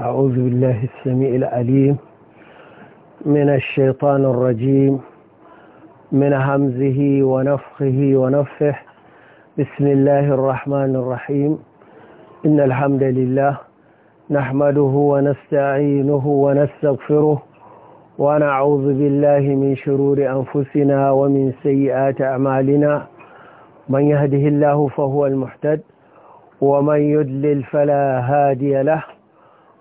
أعوذ بالله السميع العليم من الشيطان الرجيم من همزه ونفخه ونفه بسم الله الرحمن الرحيم إن الحمد لله نحمده ونستعينه ونستغفره ونعوذ بالله من شرور أنفسنا ومن سيئات أعمالنا من يهده الله فهو المحتد ومن يدلل فلا هادي له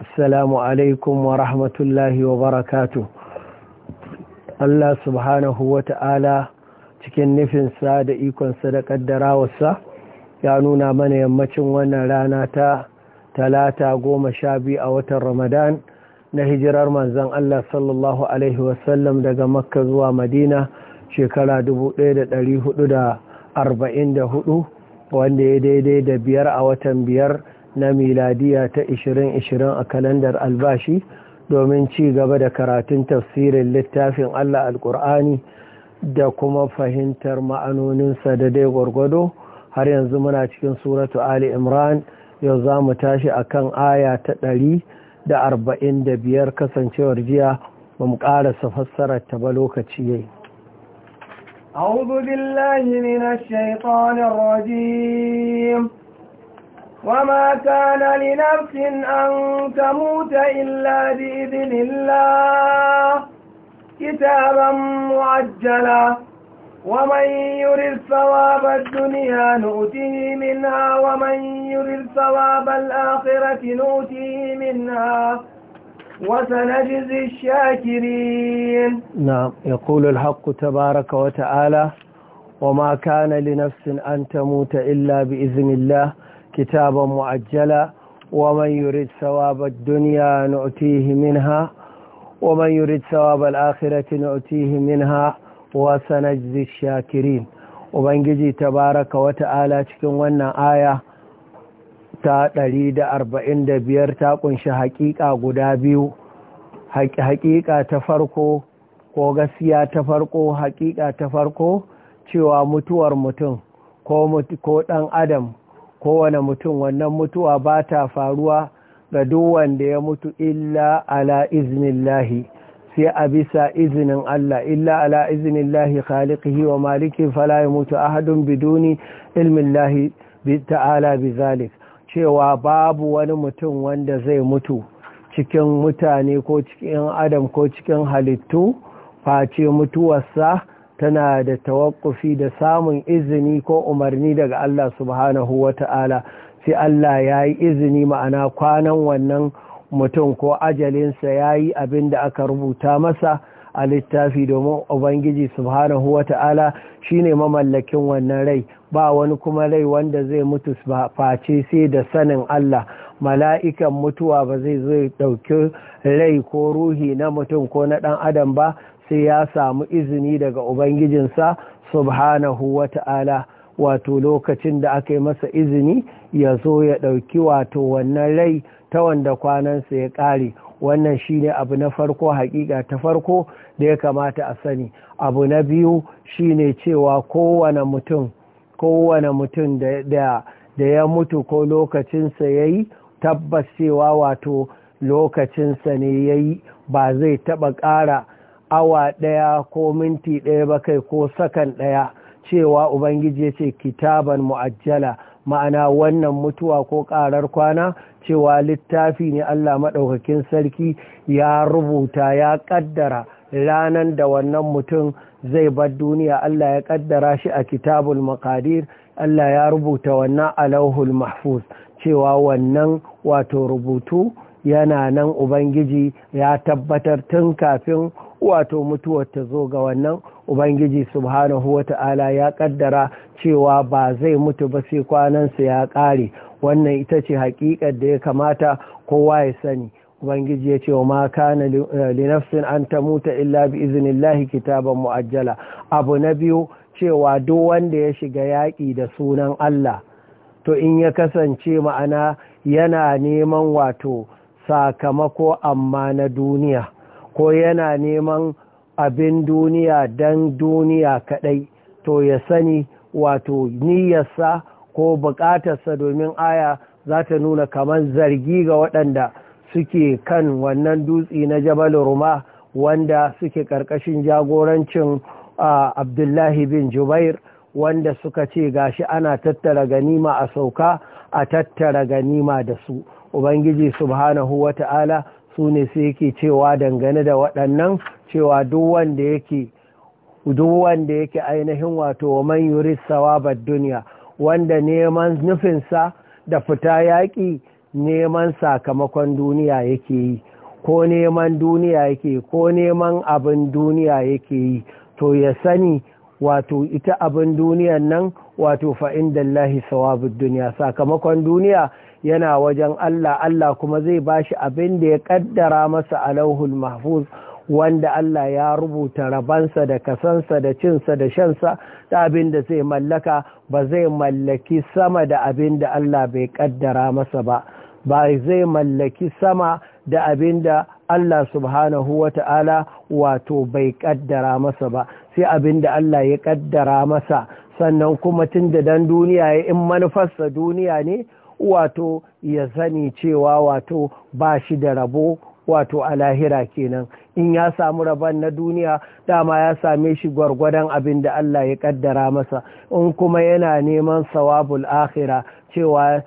السلام عليكم ورحمة الله وبركاته الله سبحانه وتعالى cikin nufin sa da ikon ikonsa da kaddarawarsa ya nuna mana yammacin wannan rana ta talata goma sha biyu a watan ramadan na hijirar manzan Allah sallallahu Alaihi wasallam daga makka zuwa madina shekara dubu ɗaya da da ɗari 1444 wanda ya daidai da biyar a watan biyar na miladiya ta 2020 a kalandar albashi domin ci gaba da karatun tafsirin littafin Allah al-Qur'ani da kuma fahimtar ma'anoninsa da dai gwargwado har yanzu muna cikin suratu Ali Imran yau za mu tashi a kan aya ta ɗari da arba'in da biyar kasancewar jiya ba mu ƙarasa fassarar ta ba lokaci yayi. أعوذ بالله من الشيطان الرجيم وما كان لنفس أن تموت إلا بإذن الله كتابا معجلا ومن يرد ثواب الدنيا نؤته منها ومن يرد ثواب الآخرة نؤته منها وسنجزي الشاكرين نعم يقول الحق تبارك وتعالى وما كان لنفس أن تموت إلا بإذن الله كتابا معجلا ومن يريد ثواب الدنيا نؤتيه منها ومن يريد ثواب الآخرة نؤتيه منها وسنجزي الشاكرين وبنجي تبارك وتعالى تكون آية ta ɗari da arba'in da biyar ta ƙunshi haƙiƙa guda biyu haƙiƙa ta farko ko gaskiya ta farko haƙiƙa ta farko cewa mutuwar mutum ko ɗan adam kowane mutum wannan mutuwa ba ta faruwa ga duk wanda ya mutu illa ala lahi sai a bisa izinin Allah illa ala lahi khalikihi wa maliki fala a hadin biduni lahi ta'ala bi bizalik cewa babu wani mutum wanda zai mutu cikin mutane ko cikin adam ko cikin halittu face mutuwarsa tana da tawakkufi da samun izini ko umarni daga Allah subhanahu wa ta'ala sai Allah ya yi izini ma'ana kwanan wannan mutum ko ajalinsa ya yi abin da aka rubuta masa a littafi domin ubangiji subhanahu wa ta'ala shi ne mamallakin wannan rai ba wani kuma rai wanda zai mutu face sai da sanin Allah mala'ikan mutuwa ba zai zo ɗauki rai ko ruhi na mutum ko na ɗan adam ba sai ya samu izini daga ubangijinsa subhanahu wa ta'ala wato lokacin da aka yi masa izini ya zo ya ɗauki wato wannan rai ta wanda kwanansa ya ƙare wannan shine abu na farko hakika ta farko da ya kamata a sani abu na biyu shine cewa kowane mutum kowane da ya mutu ko lokacinsa ya yi tabbas cewa wato lokacinsa ne ya yi ba zai taɓa ƙara awa ɗaya ko minti ɗaya ba kai ko sakan ɗaya cewa ubangiji ya ce kitaban mu'ajjala ma'ana wannan mutuwa ko ƙarar kwana cewa littafi ne allah maɗaukakin sarki ya rubuta ya ƙaddara ranar da wannan mutum zai bar duniya allah ya ƙaddara shi a kitabul makadir allah ya rubuta wannan alauhul mahfuz cewa wannan wato rubutu yana nan ubangiji ya tabbatar tun kafin wato mutuwar ta zo ga wannan ubangiji subhanahu ta'ala ya kaddara cewa ba zai mutu ba sai kwanansa ya kare wannan ita ce hakikar da ya kamata kowa ya sani ubangiji ya ce wa ma kana linafsin eh, an ta muta illa bi iznillahi kitaban mu'ajjala abu na biyu cewa duk wanda ya shiga yaƙi da sunan Allah to in ya kasance ma'ana yana neman wato sakamako amma na duniya ko yana neman abin duniya don duniya kadai to ya sani wato niyyarsa ko bukatarsa domin aya za ta nuna kamar zargi ga waɗanda suke kan wannan dutse na jabal ruma wanda suke ƙarƙashin jagorancin abdullahi bin jubair wanda suka ce gashi ana tattara ganima a sauka a tattara ganima da su ubangiji subhanahu wata'ala su ne sai yake cewa dangane da waɗannan cewa duk wanda yake duk ainihin wato man yurid sawabar duniya wanda neman nufinsa da fita yaƙi neman sakamakon duniya yake yi ko neman duniya yake ko neman abin duniya yake yi to ya sani wato ita abin duniyan nan wato fa'in Allah sawabin duniya sakamakon duniya yana wajen Allah Allah kuma zai bashi abin da ya kaddara masa a lauhul mahfuz wanda Allah ya rubuta rabansa da kasansa da cinsa da shansa ta abin da zai mallaka ba zai mallaki sama da abin da Allah bai kaddara masa ba ba zai mallaki sama da abin da Allah subhanahu wa ta'ala wato bai kaddara masa ba sai abin da Allah ya kaddara masa sannan kuma tun da dan duniya ya in manufarsa duniya ne wato ya sani cewa wato ba shi da rabo wato a lahira kenan in ya samu rabon na duniya dama ya same shi gwargwadon abin da Allah ya kaddara masa in kuma yana neman sawabul akhira cewa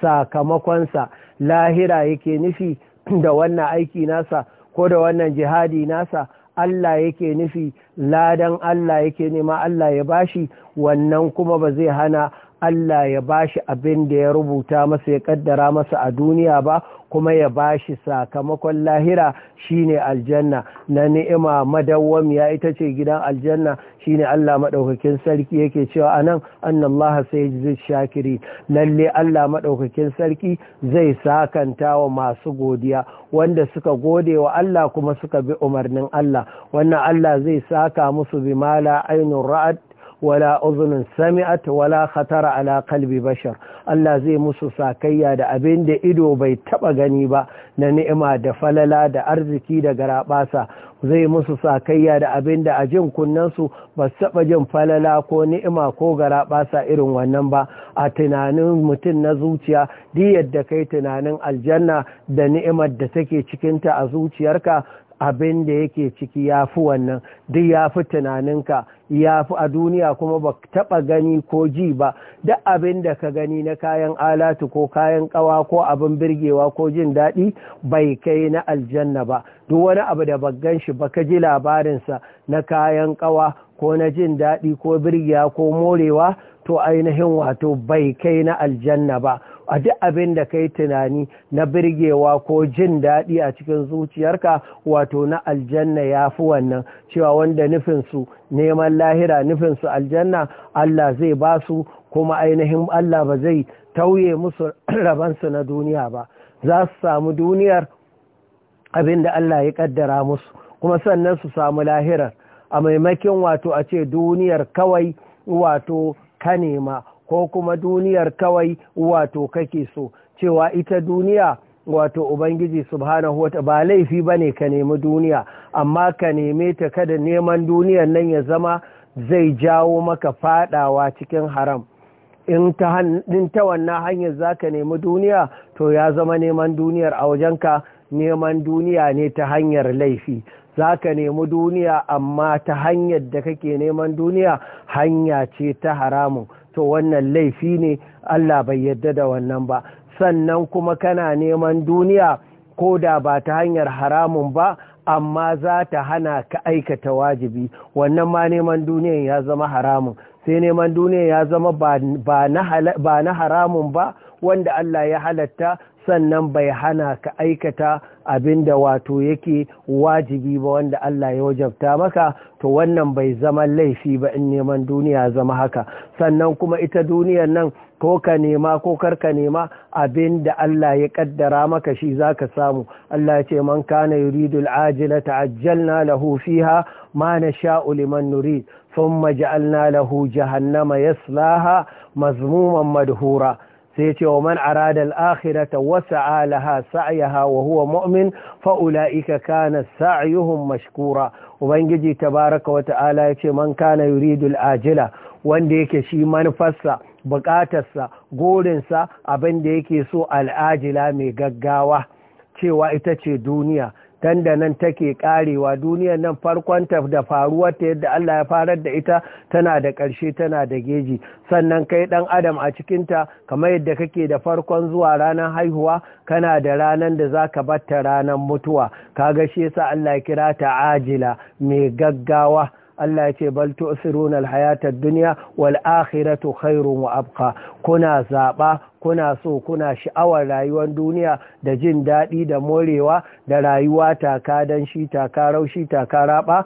sakamakonsa lahira yake nufi da wannan aiki nasa ko da wannan jihadi nasa Allah yake nufi ladan Allah yake nema Allah ya bashi wannan kuma ba zai hana Allah ya bashi abin da ya rubuta masa ya kaddara masa a duniya ba kuma ya ba shi sakamakon lahira shine aljanna na ni'ima madawwamiya ita ce gidan aljanna shine Allah maɗaukakin sarki yake cewa anan annallaha sayajzi shakiri lalle Allah maɗaukakin sarki zai sakanta wa masu godiya wanda suka gode wa Allah kuma suka bi umarnin Allah wannan Allah zai saka musu bimala ainu ra'ad wala uzunin sami'at wala khatara ala kalbi bashar Allah zai musu sakayya da abin da ido bai taba gani ba na ni'ima da falala da arziki da garabasa zai musu sakayya da abin da a jin kunnensu ba su taba jin falala ko ni'ima ko garabasa irin wannan ba a tunanin mutum na zuciya duk yadda kai tunanin aljanna da ni'imar da take cikinta a zuciyarka abin da yake ciki ya fi wannan duk ya fi tunaninka ya fi a duniya kuma ba taɓa gani ko ji ba duk abin da ka gani na kayan alatu ko kayan ƙawa ko abin birgewa ko jin daɗi bai kai na aljanna ba duk wani abu da baggan shi ba ka ji labarinsa na kayan ƙawa ko na jin daɗi ko birgewa ko morewa to ainihin wato bai kai na aljanna ba a duk abin da kai tunani na birgewa ko jin daɗi a cikin zuciyarka wato na aljanna ya fi wannan cewa wanda nufinsu neman lahira nufinsu aljanna Allah zai ba su kuma ainihin Allah ba zai tauye musu rabansu na duniya ba za su samu duniyar abin da Allah ya kaddara musu kuma sannan su samu lahirar a maimakin wato a ce duniyar kawai wato ka nema ko kuma duniyar kawai wato kake so cewa ita duniya wato ubangiji subhanahu wata ba laifi ba ne ka nemi duniya amma ka neme ta kada neman duniyar nan ya zama zai jawo maka fadawa cikin haram in ta wannan hanyar za ka nemi duniya to ya zama neman duniyar a wajenka neman duniya ne ta hanyar laifi za ka nemi duniya amma ta hanyar da kake neman duniya hanya ce ta haramun to wannan laifi ne Allah bai yadda da wannan ba sannan kuma kana neman duniya ko da ba ta hanyar haramun ba amma za ta hana ka aikata wajibi wannan ma neman duniya ya zama haramun sai neman duniya ya zama ba na haramun ba wanda Allah ya halatta sannan bai hana ka aikata abin da wato yake wajibi ba wanda Allah ya wajabta maka to wannan bai zama laifi ba in neman duniya zama haka sannan kuma ita duniyar nan ko ka nema ko karka nema abin da Allah ya kaddara maka shi zaka samu Allah ya ce man kana yuridu al-ajila ta'ajjalna lahu fiha ma nasha'u liman nurid thumma ja'alna lahu jahannama yaslaha mazmuman madhura sai ce wa man arada al-akhirata alaha sa'a laha wa huwa mu'min fa'ula ika kana sa'yuhum mashkura ubangiji tabaaraka wa ta'ala yace man kana yuridu al-ajila wanda yake shi manufarsa bukatarsa gorinsa abinda yake so al'ajila mai gaggawa cewa ita ce duniya tan da nan take karewa duniyar nan farkonta da faruwarta yadda Allah ya farar da ita tana da ƙarshe tana da geji sannan kai ɗan adam a cikinta kamar yadda kake da farkon zuwa ranar haihuwa kana da ranar da za zaka batta ranar mutuwa kaga shi yasa Allah ya kira ta ajila mai gaggawa Allah ya ce bal tu'siruna al-hayata ad-dunya wal akhiratu khairun wa abqa kuna zaba kuna so kuna sha'awar rayuwar duniya da jin daɗi da morewa da rayuwa taka don shi taka raushi taka raɓa?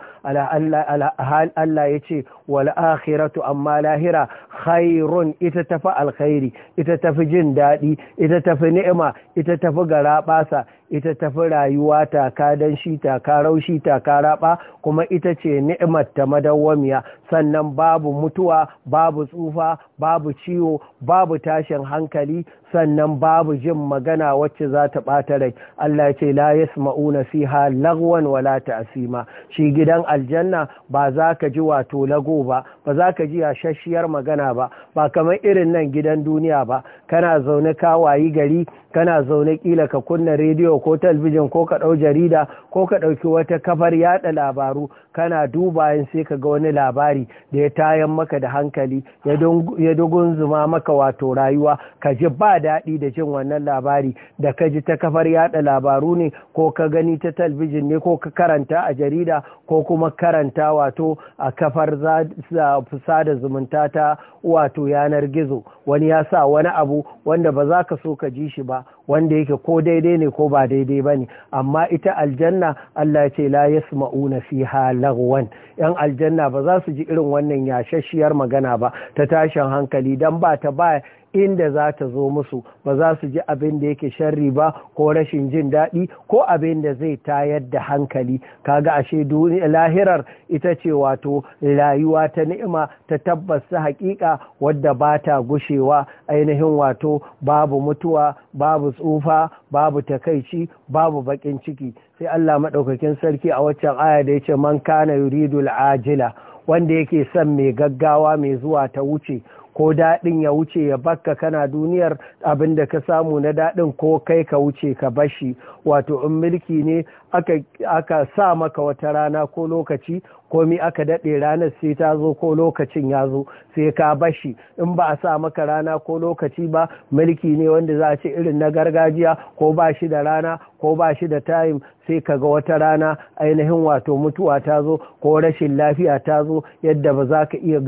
Allah ya ce wal akhiratu amma lahira khairun ita tafi alkhairi ita tafi jin daɗi ita tafi ni'ima ita tafi garaɓasa ita tafi rayuwa taka don shi taka raushi taka raɓa, kuma ita ce ni'imar ta madawwamiya sannan babu mutuwa babu tsufa babu ciwo babu tashin hankali hankali sannan babu jin magana wacce za ta ɓata rai Allah ce la yasma'una fiha lagwan wala ta'sima shi gidan aljanna ba za ka ji wato lago ba ba za ka ji yashashiyar magana ba ba kamar irin nan gidan duniya ba kana zaune ka wayi gari kana zaune kila ka kunna rediyo ko talbijin ko ka ɗau jarida ko ka ɗauki wata kafar yada labaru kana dubayen sai ka ga wani labari da ya tayan maka da hankali ya dogon zuma maka wato rayuwa ka ji ba daɗi da jin wannan labari da ka ji ta kafar yada labaru ne ko ka gani ta talbijin ne ko ka karanta a jarida ko kuma karanta wato a kafar sada zumunta ta wato yanar gizo wani ya sa wani abu wanda ba za ka so ka ji shi ba wanda yake ko daidai ne ko ba daidai ba ne amma ita aljanna Allah ce la yasma'una fiha lagwan yan aljanna ba za su ji irin wannan yashashiyar magana ba ta tashin hankali don ba ta ba inda za ta zo musu ba za su ji abin da yake sharri ba ko rashin jin daɗi ko abin da zai tayar da hankali kaga ashe duniya lahirar ita ce wato rayuwa ta ni'ima ta tabbas ta haƙiƙa wadda ba ta gushewa ainihin wato babu mutuwa babu tsufa babu takaici babu baƙin ciki sai Allah maɗaukakin sarki a waccan aya da ya ce man kana yuridul ajila wanda yake son mai gaggawa mai zuwa ta wuce ko daɗin ya wuce ya bakka kana duniyar abin da ka samu na daɗin ko kai ka wuce ka bashi wato in mulki ne aka sa maka wata rana ko lokaci komi aka daɗe ranar sai ta zo ko lokacin ya zo sai ka bashi in ba a sa maka rana ko lokaci ba mulki ne wanda za a ce irin na gargajiya ko ba shi da rana ko ba shi da time sai ka ga wata rana ainihin wato mutuwa ta zo ko rashin lafiya ta zo yadda ba za ka iya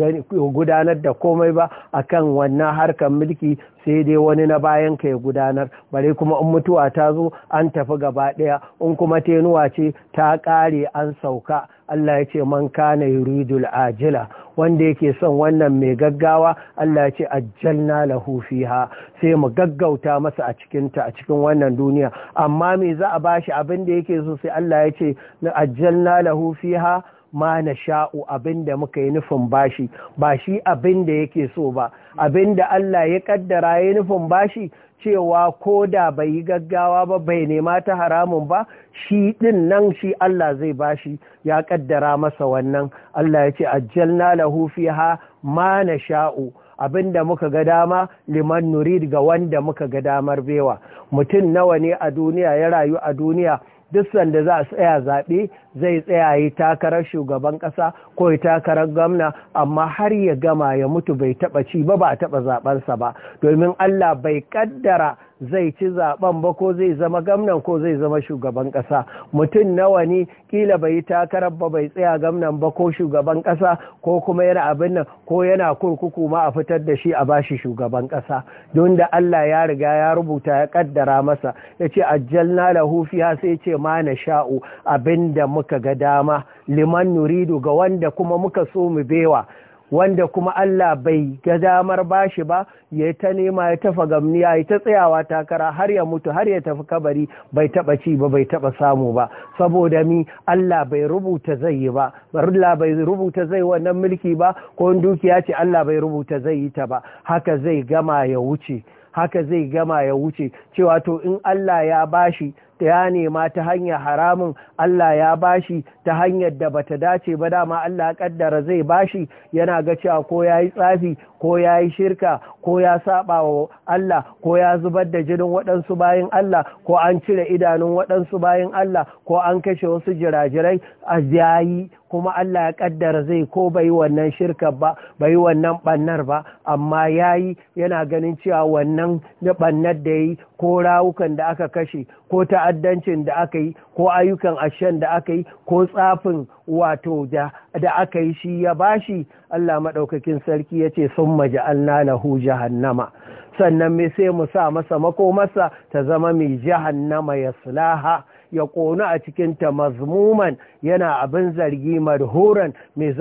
gudanar da komai ba akan wannan harkar mulki sai dai wani na bayan ka ya gudanar bare kuma in mutuwa ta zo an tafi gaba ɗaya in kuma tenuwa ce ta ƙare an sauka Allah ya ce man kana yuridul ajila wanda yake son wannan mai gaggawa Allah ya ce ajjalna lahu fiha sai mu gaggauta masa a cikin ta a cikin wannan duniya amma me za a bashi abin da yake so sai Allah ya ce ajjalna lahu fiha ma na sha'u abinda muka yi nufin bashi ba shi abinda yake so ba abinda Allah ya kaddara ya nufin bashi cewa ko da bai yi gaggawa ba bai nema ta haramun ba shi ɗin nan shi Allah zai bashi ya kaddara masa wannan Allah ya ce ajjalna lahufi ha. ma na sha'u abinda muka ga dama liman nurid ga wanda muka ga damar bewa mutum nawa ne a duniya ya rayu a duniya duk sanda za a tsaya zaɓe zai tsaya yi takarar shugaban ƙasa ko yi takarar gwamna amma har ya gama ya mutu bai taba ci ba ba a taɓa zaɓensa ba domin Allah bai ƙaddara zai ci zaɓen ba ko zai zama gwamnan ko zai zama shugaban ƙasa mutum nawa ne kila bai yi takarar ba bai tsaya gamnan ba ko shugaban ƙasa ko kuma yana abin nan ko yana kurkuku ma a fitar da shi a bashi shugaban ƙasa don da Allah ya riga ya rubuta ya ƙaddara masa ya ce ajjalna lahu fiha sai ce ma na sha'u abinda muka ga dama liman nuridu ga wanda kuma muka so mu bewa wanda kuma Allah bai ga damar bashi ba ya yi ta nema ya tafa gamniya ya yi ta tsayawa takara har ya mutu har ya tafi kabari bai taba ci ba bai taba samu ba saboda mi Allah bai rubuta zai yi ba Allah bai rubuta zai wannan mulki ba ko dukiya ce Allah bai rubuta zai yi ta ba haka zai gama ya wuce haka zai gama ya wuce cewa to in Allah ya bashi ya nema ta hanyar haramun Allah ya bashi ta hanyar da bata dace ba dama Allah kaddara zai bashi yana ga cewa ko yayi tsafi ko yayi shirka ko ya saba wa Allah ko ya zubar da jinin waɗansu bayin Allah ko an cire idanun waɗansu bayin Allah ko an kashe wasu jirajirai a yayi kuma Allah ya kaddara zai ko bai wannan shirka ba bai wannan bannar ba amma yayi yana ganin cewa wannan da bannar da yi ko rawukan da aka kashe ko ta'addancin da aka yi ko ayyukan ashen da aka yi ko tsafin wato da aka yi shi ya bashi Allah maɗaukakin sarki ya ce sun na lahu jahannama sannan me sai mu sa masa makomarsa ta zama mai jahannama ya sulaha ya ƙonu a cikinta mazmuman yana abin zargi marhuran mai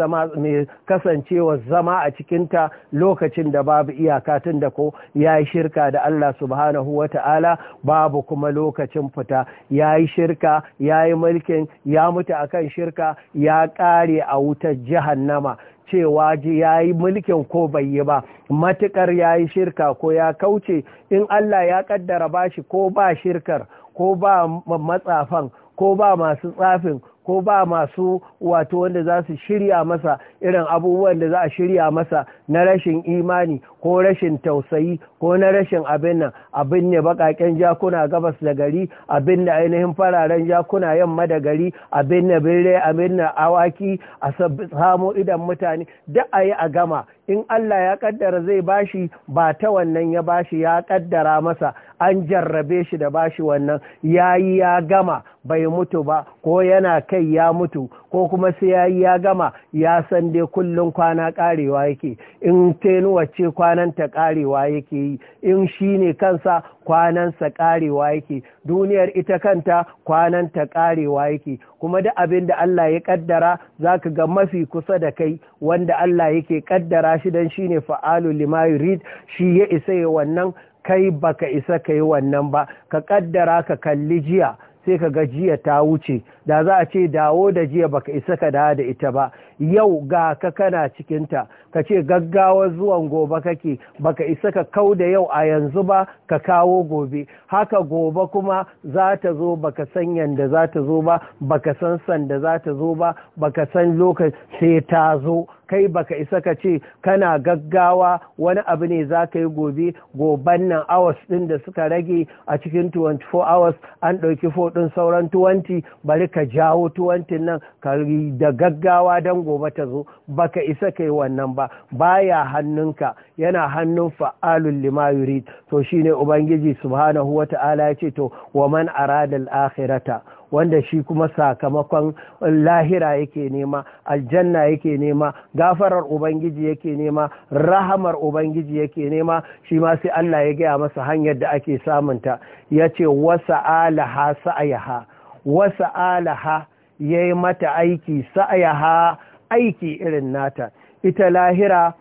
kasancewa zama a cikinta lokacin da babu iyaka tun da ko ya yi shirka da Allah subhanahu wa ta'ala babu kuma lokacin fita ya yi shirka ya yi mulkin ya mutu akan shirka ya ƙare a wutar jahannama cewa ya yi mulkin ko bai yi ba Matuƙar ya yi shirka ko ya kauce in Allah ya ƙaddara bashi ko ba shirkar ko ba matsafan ko ba masu tsafin ko ba masu wato wanda za su shirya masa irin abubuwan da za a shirya masa na rashin imani ko rashin tausayi ko na rashin abin nan abin ne bakaken jakuna gabas da gari abin da ainihin fararen jakuna yamma da gari abin na birre abin na awaki a samu idan mutane da a yi a gama in Allah ya kaddara zai bashi ba ta wannan ya bashi ya kaddara masa an jarrabe shi da bashi wannan ya yi ya gama bai mutu ba ko yana kai ya mutu ko kuma sai ya yi ya gama ya san dai kullum kwana karewa yake in tenuwa ce kwananta karewa yake yi in shi ne kansa kwanansa karewa yake duniyar ita kanta kwanan ta karewa yake kuma da abin da Allah ya kaddara za ka ga mafi kusa da kai wanda Allah yake kaddara shi don shi ne fa'alu lima yurid shi ya isa ya wannan kai baka isa ka wannan ba ka kaddara ka kalli jiya sai ka ga jiya ta wuce da za a ce dawo da jiya baka isa ka da da ita ba yau ga ka kana cikinta ka ce gaggawa zuwan gobe kake baka isa ka kau da yau a yanzu ba ka kawo gobe haka gobe kuma za ta zo baka san yanda za ta zo ba baka san sanda za ta zo ba baka san lokaci sai ta zo kai baka isa ka ce kana gaggawa wani abu ne za ka yi gobe goban nan hours ɗin da suka rage a cikin 24 hours an ɗauki foɗin sauran 20 bari ka jawo 20 nan ka da gaggawa don gobe ta zo baka isa kai wannan ba baya hannunka yana hannun fa'alun lima yurid to shine ubangiji subhanahu wata'ala ya ce to wa man arada al-akhirata wanda shi kuma sakamakon lahira yake nema aljanna yake nema gafarar ubangiji yake nema rahamar ubangiji yake nema shi ma sai Allah ya gaya masa hanyar da ake samunta ya ce wasa alaha sa'ayaha wasa alaha ya yi mata aiki sa'ayaha aiki irin nata ita lahira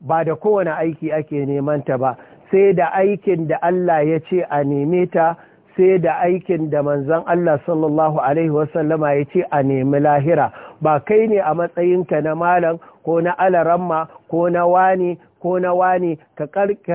ba da kowane aiki ake nemanta ba sai da aikin da Allah ya ce a neme ta sai da aikin da manzan Allah sallallahu Alaihi wasallama ya ce a nemi lahira ba kai ne a matsayinka na malam ko na alaramma ko na wani ko na wani ka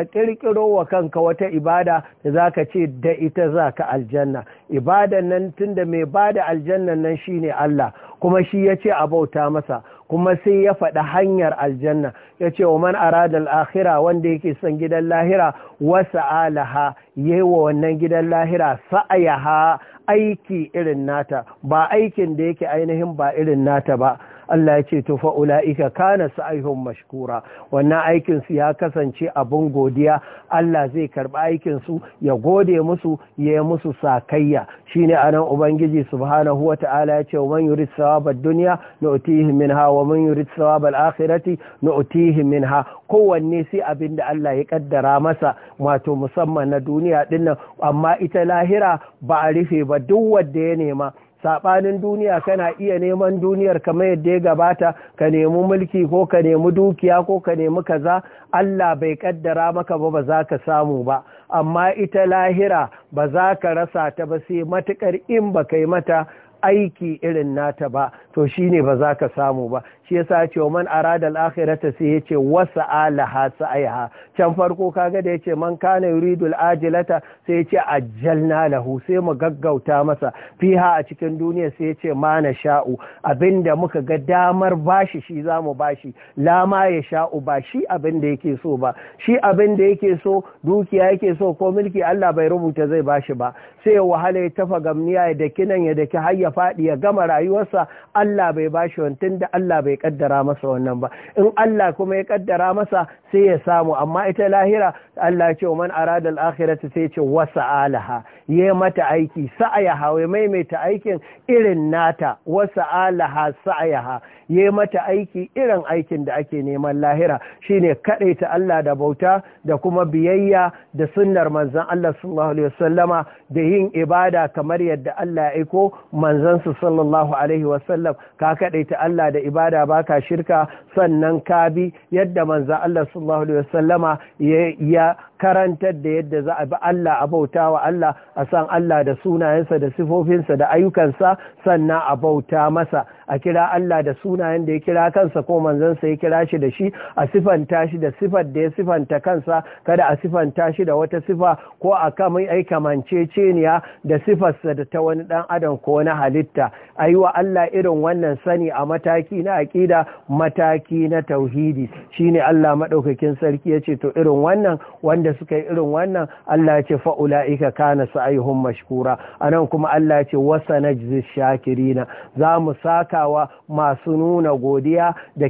kirkiro wa kanka wata ibada da za ka ce da ita za ka aljanna ibadan nan tunda mai bada aljannan nan shine Allah kuma shi ya ce a bauta masa kuma sai ya faɗi hanyar aljanna ya ce wa man aradal akhira wanda yake son gidan lahira wasa alaha yi wa wannan gidan lahira sa'ayaha aiki irin nata ba aikin da yake ainihin ba irin nata ba Allah ya ce to fa ulaika kana sa'ihum mashkura wannan aikin su ya kasance abun godiya Allah zai karɓi aikin su ya gode musu ya yi musu sakayya shine anan ubangiji subhanahu ta'ala ya ce man yurid sawabad dunya min minha wa man yurid sawabal akhirati min minha kowanne sai abinda Allah ya kaddara masa wato musamman na duniya dinnan amma ita lahira ba a rufe ba duk wanda ya nema saɓanin duniya kana iya neman duniyar kamar yadda ya gabata ka nemi mulki ko ka nemi dukiya ko ka nemi kaza Allah bai kaddara maka ba ba za ka samu ba amma ita lahira ba za ka rasa ta ba sai matukar in ba kai mata aiki irin nata ba to shine ba za ka samu ba shi yasa ce wa man arada al-akhirata sai yace wasa alaha sa'iha can farko kaga da yace man kana yuridu al-ajilata sai yace ajjalna lahu sai mu gaggauta masa fiha a cikin duniya sai yace ma na sha'u abinda muka ga damar bashi shi zamu bashi la ma ya sha'u ba shi abinda yake so ba shi abinda yake so dukiya yake so ko mulki Allah bai rubuta zai bashi ba sai ya wahala ya tafa gamniya ya daki nan ya daki har ya faɗi ya gama rayuwarsa Allah bai bashi wani tunda Allah bai kaddara masa wannan ba in Allah kuma ya kaddara masa sai ya samu amma ita lahira Allah ce man arada al-akhirata sai ce wasa'alaha ya mata aiki sa'ayaha wai maimaita aikin irin nata wasa'alaha sa'ayaha Yi mata aiki irin aikin da ake neman lahira shine ta Allah da bauta da kuma biyayya da sunnar manzan Allah sallallahu alaihi wasallama da yin ibada kamar yadda Allah ya aiko manzon su sallallahu alaihi wasallam ka ta Allah da ibada baka shirka sannan ka bi yadda manzan Allah sallallahu alaihi wasallama ya karantar da yadda za a bi Allah a bauta wa Allah a san Allah da sunayensa da sifofinsa da ayyukansa sannan a bauta masa a kira Allah da sunayen da ya kira kansa ko manzansa ya kira shi da shi a sifanta shi da sifar da ya sifanta kansa kada a sifanta shi da wata sifa ko a kamai ai kamanceceniya da sifarsa da ta wani dan adam ko na halitta ayi wa Allah irin wannan sani a mataki na aqida mataki na tauhidi shine Allah madaukakin sarki yace to irin wannan wanda waɗanda suka yi irin wannan Allah ya ce fa'ula'ika kana sa'ihum mashkura anan kuma Allah ya ce wasa na shakirina za mu sakawa masu nuna godiya da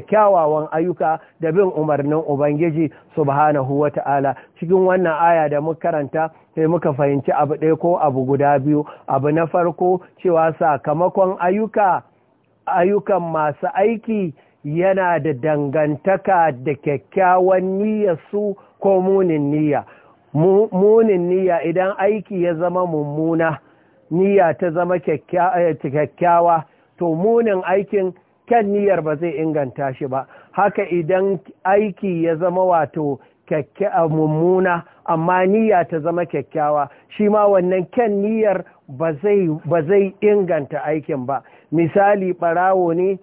kyawawan ayyuka da bin umarnin Ubangiji subhanahu wata'ala cikin wannan aya da muka karanta sai muka fahimci abu ɗaya ko abu guda biyu abu na farko cewa sakamakon ayyuka ayyukan masu aiki yana da dangantaka da kyakkyawan niyyar su. ko munin niyya munin niyya idan aiki ya zama mummuna niyya ta zama eh, kyakkyawa to munin aikin kan niyyar ba zai inganta shi ba haka idan aiki ya zama wato eh, mummuna amma niyya ta zama kyakkyawa shi ma wannan kyan niyyar ba zai inganta aikin ba misali ɓarawo ne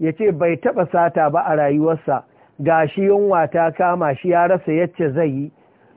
ya ce bai taɓa sata ba a rayuwarsa gashi yunwa ta kama shi ya rasa yacce zai yi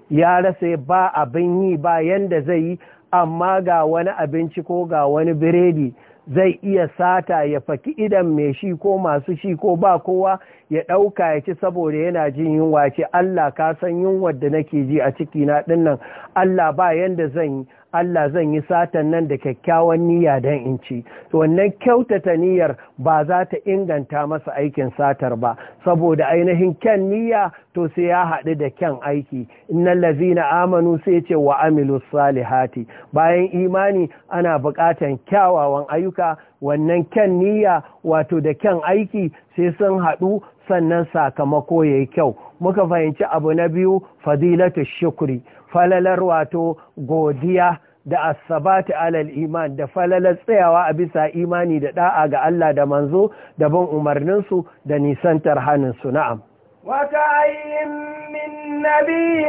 ya rasa ba abin yi ba yanda zai yi amma ga wani abinci ko ga wani biredi zai iya sata ya faki idan mai shi ko masu shi ko ba kowa ya ɗauka ya ci saboda yana jin yunwa ce Allah ka san yunwar da nake ji a ciki na nan, Allah ba yanda zan yi Allah zan yi satan nan da kyakkyawan niyya don in ci to wannan kyautata niyyar ba za ta inganta masa aikin satar ba saboda ainihin kyan niyya to sai ya haɗu da kyan aiki Inna lazina amanu sai ce wa amilu salihati bayan imani ana buƙatan kyawawan ayyuka wannan kyan niyya wato da kyan aiki sai sun haɗu sannan sakamako ya yi kyau muka fahimci abu na biyu fadilatu shukri falalar wato godiya da asabati alal iman da falalar tsayawa a bisa imani da da'a ga Allah da manzo da bin umarninsu da nisantar hannunsu na'am وكاين من نبي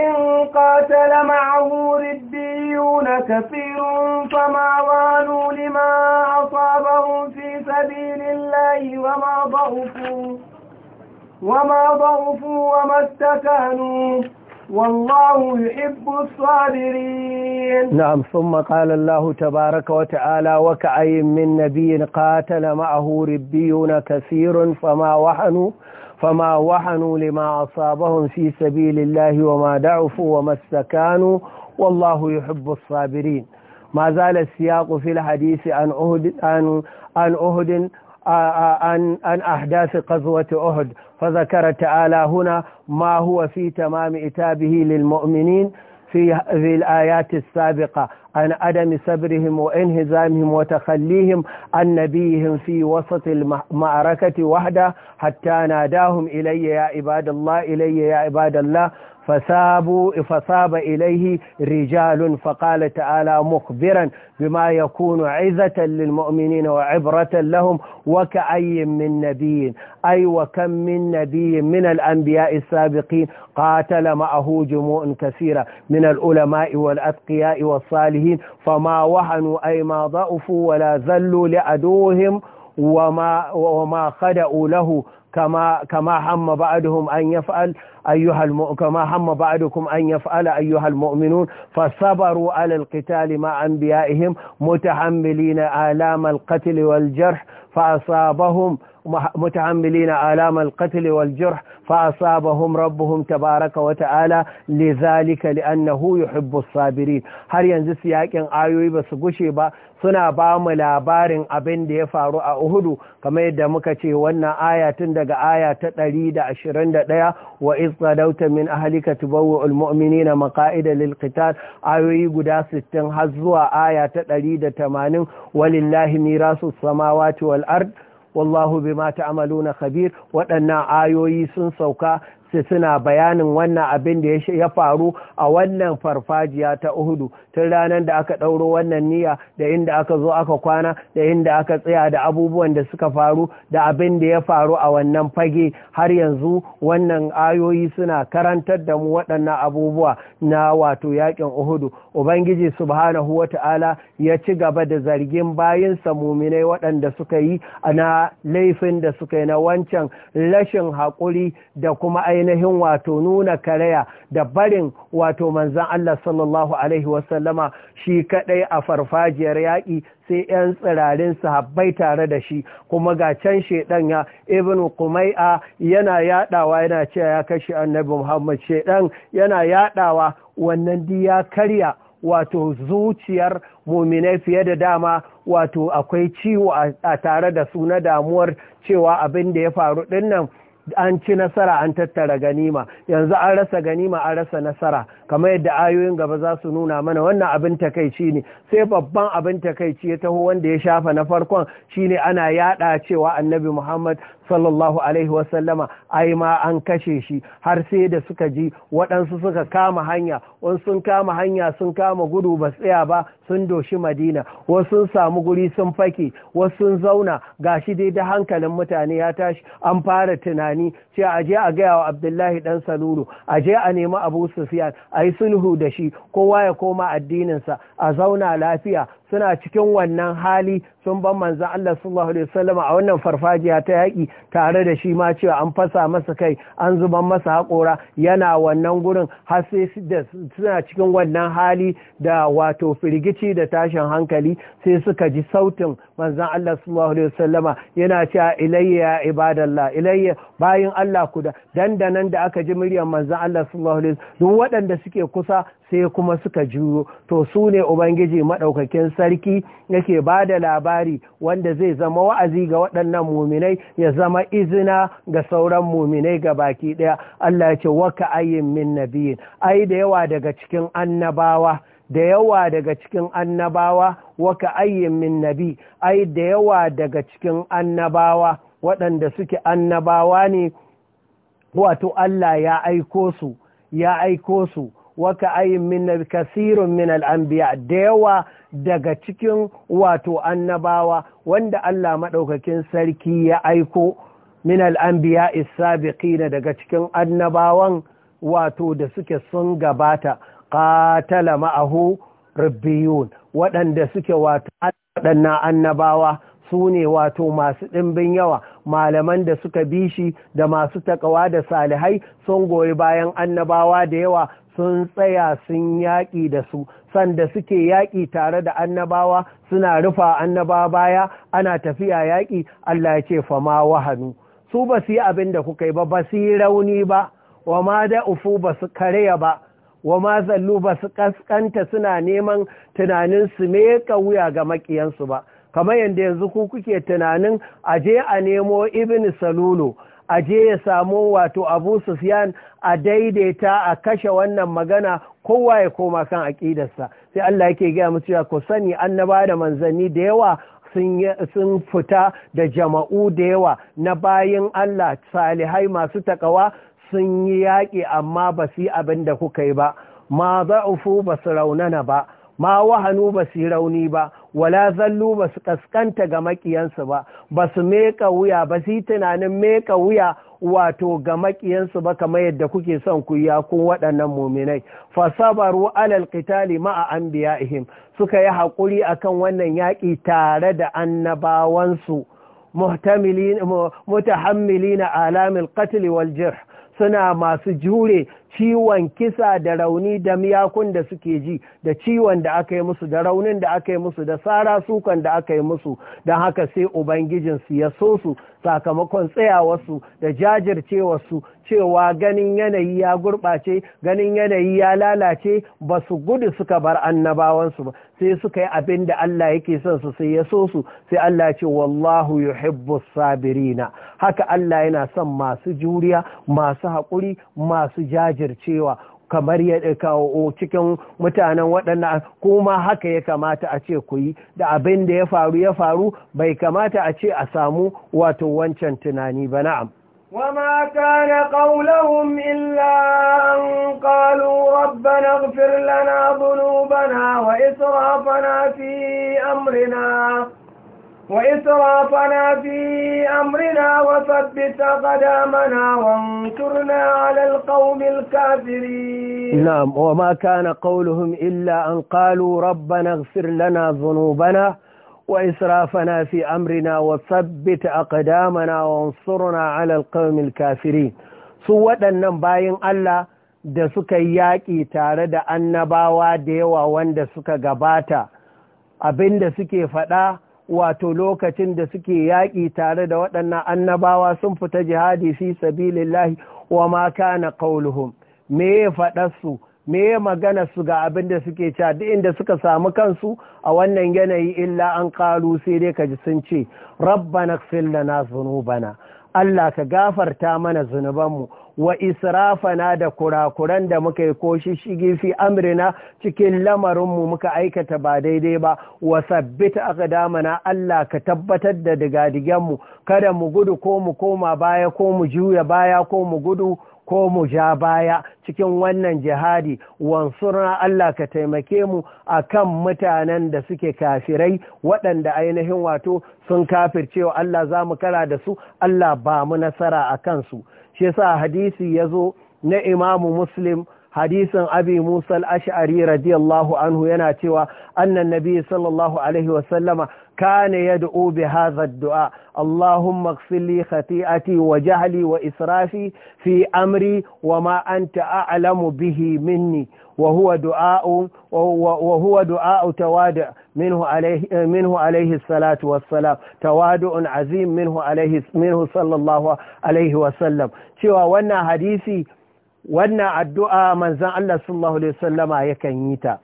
قاتل معه ربيون كثير فما وانوا لما أصابهم في سبيل الله وما ضعفوا وما ضعفوا وما استكانوا والله يحب الصابرين نعم ثم قال الله تبارك وتعالى وكأي من نبي قاتل معه ربيون كثير فما وهنوا فما وهنوا لما أصابهم في سبيل الله وما دعفوا وما استكانوا والله يحب الصابرين ما زال السياق في الحديث عن أهد عن عن أهد عن عن أحداث قذوة أهد فذكر تعالى هنا ما هو في تمام إتابه للمؤمنين في في الآيات السابقة عن عدم سبرهم وانهزامهم وتخليهم عن نبيهم في وسط المعركة وحده حتى ناداهم إلي يا عباد الله إلي يا عباد الله فسابوا فصاب إليه رجال فقال تعالى مخبرا بما يكون عزة للمؤمنين وعبرة لهم وكأي من نبي أي وكم من نبي من الأنبياء السابقين قاتل معه جموع كثيرة من العلماء والأتقياء والصالحين الصالحين فما وهنوا أي ما ضعفوا ولا ذلوا لعدوهم وما, وما خدعوا له كما كما هم بعدهم أن يفعل أيها الم... كما هم بعدكم أن يفعل أيها المؤمنون فصبروا على القتال مع أنبيائهم متحملين آلام القتل والجرح فأصابهم متعملين آلام القتل والجرح فأصابهم ربهم تبارك وتعالى لذلك لأنه يحب الصابرين هل ينزل سياكين آيوي بس قشيبا suna ba mu labarin abin da ya faru a Uhudu kamar yadda muka ce wannan aya tun daga aya ta ɗaya wa izqadauta min ahlika tubawwu na makaida lilqital ayoyi guda sittin har zuwa aya ta 180 walillahi mirasu samawati wal ard wallahu bima ta'maluna khabir waɗannan ayoyi sun sauka sai suna bayanin wannan abin da ya faru a wannan farfajiya ta Uhudu tun ranar da aka ɗauro wannan niyya da inda aka zo aka kwana da inda aka tsaya da abubuwan da suka faru da abin da ya faru a wannan fage har yanzu wannan ayoyi suna karantar da mu waɗannan abubuwa na wato yakin uhudu ubangiji subhanahu wata'ala ya ci gaba da zargin bayinsa muminai waɗanda suka yi na laifin da suka yi na wancan rashin haƙuri da kuma ainihin wato nuna karaya da barin wato manzan Allah sallallahu alaihi wasallam sallama shi kadai a farfajiyar yaƙi sai 'yan tsirarin sahabbai tare da shi kuma ga can shaidan ya ibn kumai'a yana yadawa yana cewa ya kashe annabi muhammad Shaidan yana yadawa wannan di ya karya wato zuciyar muminai fiye da dama wato akwai ciwo a tare da su na damuwar cewa abin da ya faru dinnan an ci nasara an tattara ganima yanzu an rasa ganima an rasa nasara kamar yadda ayoyin gaba za su nuna mana wannan abin takaici ne sai babban abin takaici ya taho wanda ya shafa na farkon shine ana yada cewa annabi Muhammad sallallahu alaihi wasallama ai ma an kashe shi har sai da suka ji waɗansu suka kama hanya wasu sun kama hanya sun kama gudu ba tsaya ba sun doshi madina wasu sun samu guri sun fake wasu sun zauna shi dai da hankalin mutane ya tashi an fara tunani sai a je a gaya wa abdullahi dan saluru. a je a nemi abu sufiyan a yi sulhu da shi kowa ya koma addininsa a zauna lafiya suna cikin wannan hali sun ban manzan Allah sallallahu alaihi wasallam a wannan farfajiya ta yaki. tare da shi ma cewa an fasa masa kai an zuban masa haƙora yana wannan gurin har sai da suna cikin wannan hali da wato firgici da tashin hankali sai suka ji sautin manzan Allah sallallahu alaihi wasallam yana cewa ilayya ya ibadallah ilayya bayin Allah ku da dandanan da aka ji muryar manzan Allah sallallahu alaihi wasallam duk waɗanda suke kusa sai kuma suka juyo to su ne ubangiji madaukakin sarki yake ba da labari wanda zai zama wa'azi ga waɗannan muminai ya zama izina ga sauran muminai ga baki ɗaya Allah ya ce waka ayin min nabiyin ai da yawa daga cikin annabawa da yawa daga cikin annabawa waka ayin min nabi ai da yawa daga cikin annabawa waɗanda suke annabawa ne wato Allah ya aiko su ya aiko su waka ayin min kasirun min al'ambiya da yawa daga cikin wato annabawa wanda Allah maɗaukakin sarki ya aiko min al'ambiya isabiqina daga cikin annabawan wato da suke sun gabata ƙatala ma'ahu ribiyun waɗanda suke wato waɗannan annabawa su ne wato masu ɗimbin yawa malaman da suka bi shi da masu takawa da salihai sun goyi bayan annabawa da yawa sun tsaya sun yaƙi da su sanda suke yaƙi tare da annabawa suna rufa annabawa baya ana tafiya yaƙi Allah ya ce fama wahanu su ba su yi abin da kuka yi ba ba su yi rauni ba wa ma da ufu ba su karya ba wa ma zallu ba su kaskanta suna neman tunanin su ka wuya ga makiyansu ba kamar yadda yanzu ku kuke tunanin aje a nemo ibn salulu aje ya samu wato abu sufyan a daidaita a kashe wannan magana kowa ya koma kan aƙidarsa sai Allah yake gaya musu ya ku sani annaba da manzanni da yawa sun fita da jama'u da yawa na bayin Allah salihai masu takawa sun yi yaƙi amma ba su yi abin da kuka yi ba ma za'ufu ba su raunana ba ma wahanu ba su yi rauni ba wala zallu ba su kaskanta ga makiyansu ba ba su meka wuya ba su yi tunanin meka wuya wato ga makiyansu ba kamar yadda kuke son ku ya kun waɗannan muminai fasabaru alal qitali ma'a anbiya'ihim suka yi haƙuri akan wannan yaƙi tare da annabawansu mutahammilina alamil qatl wal jirh suna masu jure ciwon kisa da rauni da miyakun da suke ji da ciwon da aka yi musu da raunin da aka yi musu da tsara sukan da aka yi musu don haka sai ubangijinsu ya so su sakamakon tsayawarsu da jajircewarsu cewa ganin yanayi ya gurɓace ganin yanayi ya lalace ba su gudu suka bar annabawansu ba sai suka yi abin da Allah yake son su sai ya so su sai Allah ce wallahu yuhibbu sabirina haka Allah yana son masu juriya masu haƙuri masu jajircewa jajircewa kamar ya kawo cikin mutanen waɗannan kuma haka ya kamata a ce ku yi da abin da ya faru ya faru bai kamata a ce a samu wato wancan tunani ba na'am وما كان قولهم إلا أن قالوا ربنا اغفر لنا ظنوبنا وإسرافنا في أمرنا وإسرافنا في أمرنا وثبت قدامنا وانصرنا على القوم الكافرين نعم وما كان قولهم إلا أن قالوا ربنا اغفر لنا ذنوبنا وإسرافنا في أمرنا وثبت أقدامنا وانصرنا على القوم الكافرين سوى أنهم باين الله da suka yaƙi tare da annabawa da yawa wanda suka gabata abinda suke faɗa wato lokacin da suke yaƙi tare da waɗannan annabawa sun fita jihadi fi sabilillahi wa ma kana qauluhum me ya faɗa su? me ya magana su ga abin da suke cewa duk inda suka samu kansu a wannan yanayi illa an qalu sai dai kaji sun ce rabbana ighfir lana dhunubana Allah ka gafarta mana zunubanmu wa israfana da kurakuran da muka yi ko shishigi fi amrina cikin lamarinmu muka aikata ba daidai ba wa sabbita damana Allah ka tabbatar da digadigenmu kada mu gudu ko mu koma baya ko mu juya baya ko mu gudu ko mu ja baya cikin wannan jihadi wansurna Allah ka taimake mu akan mutanen da suke kafirai waɗanda ainihin wato sun kafircewa Allah za mu kara da su Allah ba mu nasara a kansu shi yasa hadisi ya zo na imamu muslim hadisin abi musa al-ash'ari radiyallahu anhu yana cewa annan nabi sallallahu alaihi wasallama kana yad'u bi hadha ad-du'a allahumma ighfir li khati'ati wa jahli wa israfi fi amri wa ma anta a'lamu bihi minni wa huwa du'a'un وهو دعاء تواضع منه عليه منه عليه الصلاة والسلام تواضع عظيم منه عليه منه صلى الله عليه وسلم شو وانا حديثي وانا الدعاء من زعل الله صلى الله عليه وسلم يكنيتا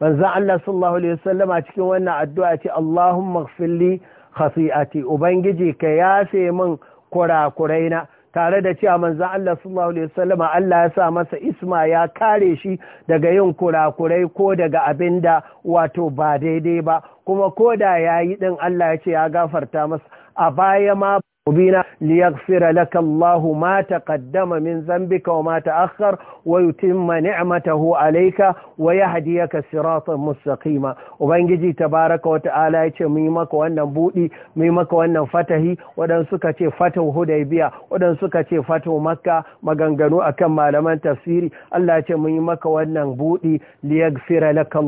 من زعل الله صلى الله عليه وسلم أتكلم وانا الدعاء اللهم اغفر لي خطيئتي وبنجي كياسي من قرى قرينا tare da cewa manzan Allah sallallahu Alaihi wasallama Allah ya sa masa isma ya kare shi daga yin kurakurai ko daga abin da wato ba daidai ba kuma koda da ya yi ɗin Allah ya ce ya gafarta masa a baya ma Liyag firale kan lahu mata kaddamamin zambika. Wata akharka wata tima ni'amata hu alika. Waya hadiyyar ka sirarta musa qima? Ubangiji tabaraka wata ala ya ce maka wannan buɗi. Mun maka wannan fatahi waɗansu ka ce fatan hudai biya. Waɗansu ce fatan maka maganganu akan malaman tafsiri. Allah ya ce mun yi maka wannan buɗi. Liyag firale kan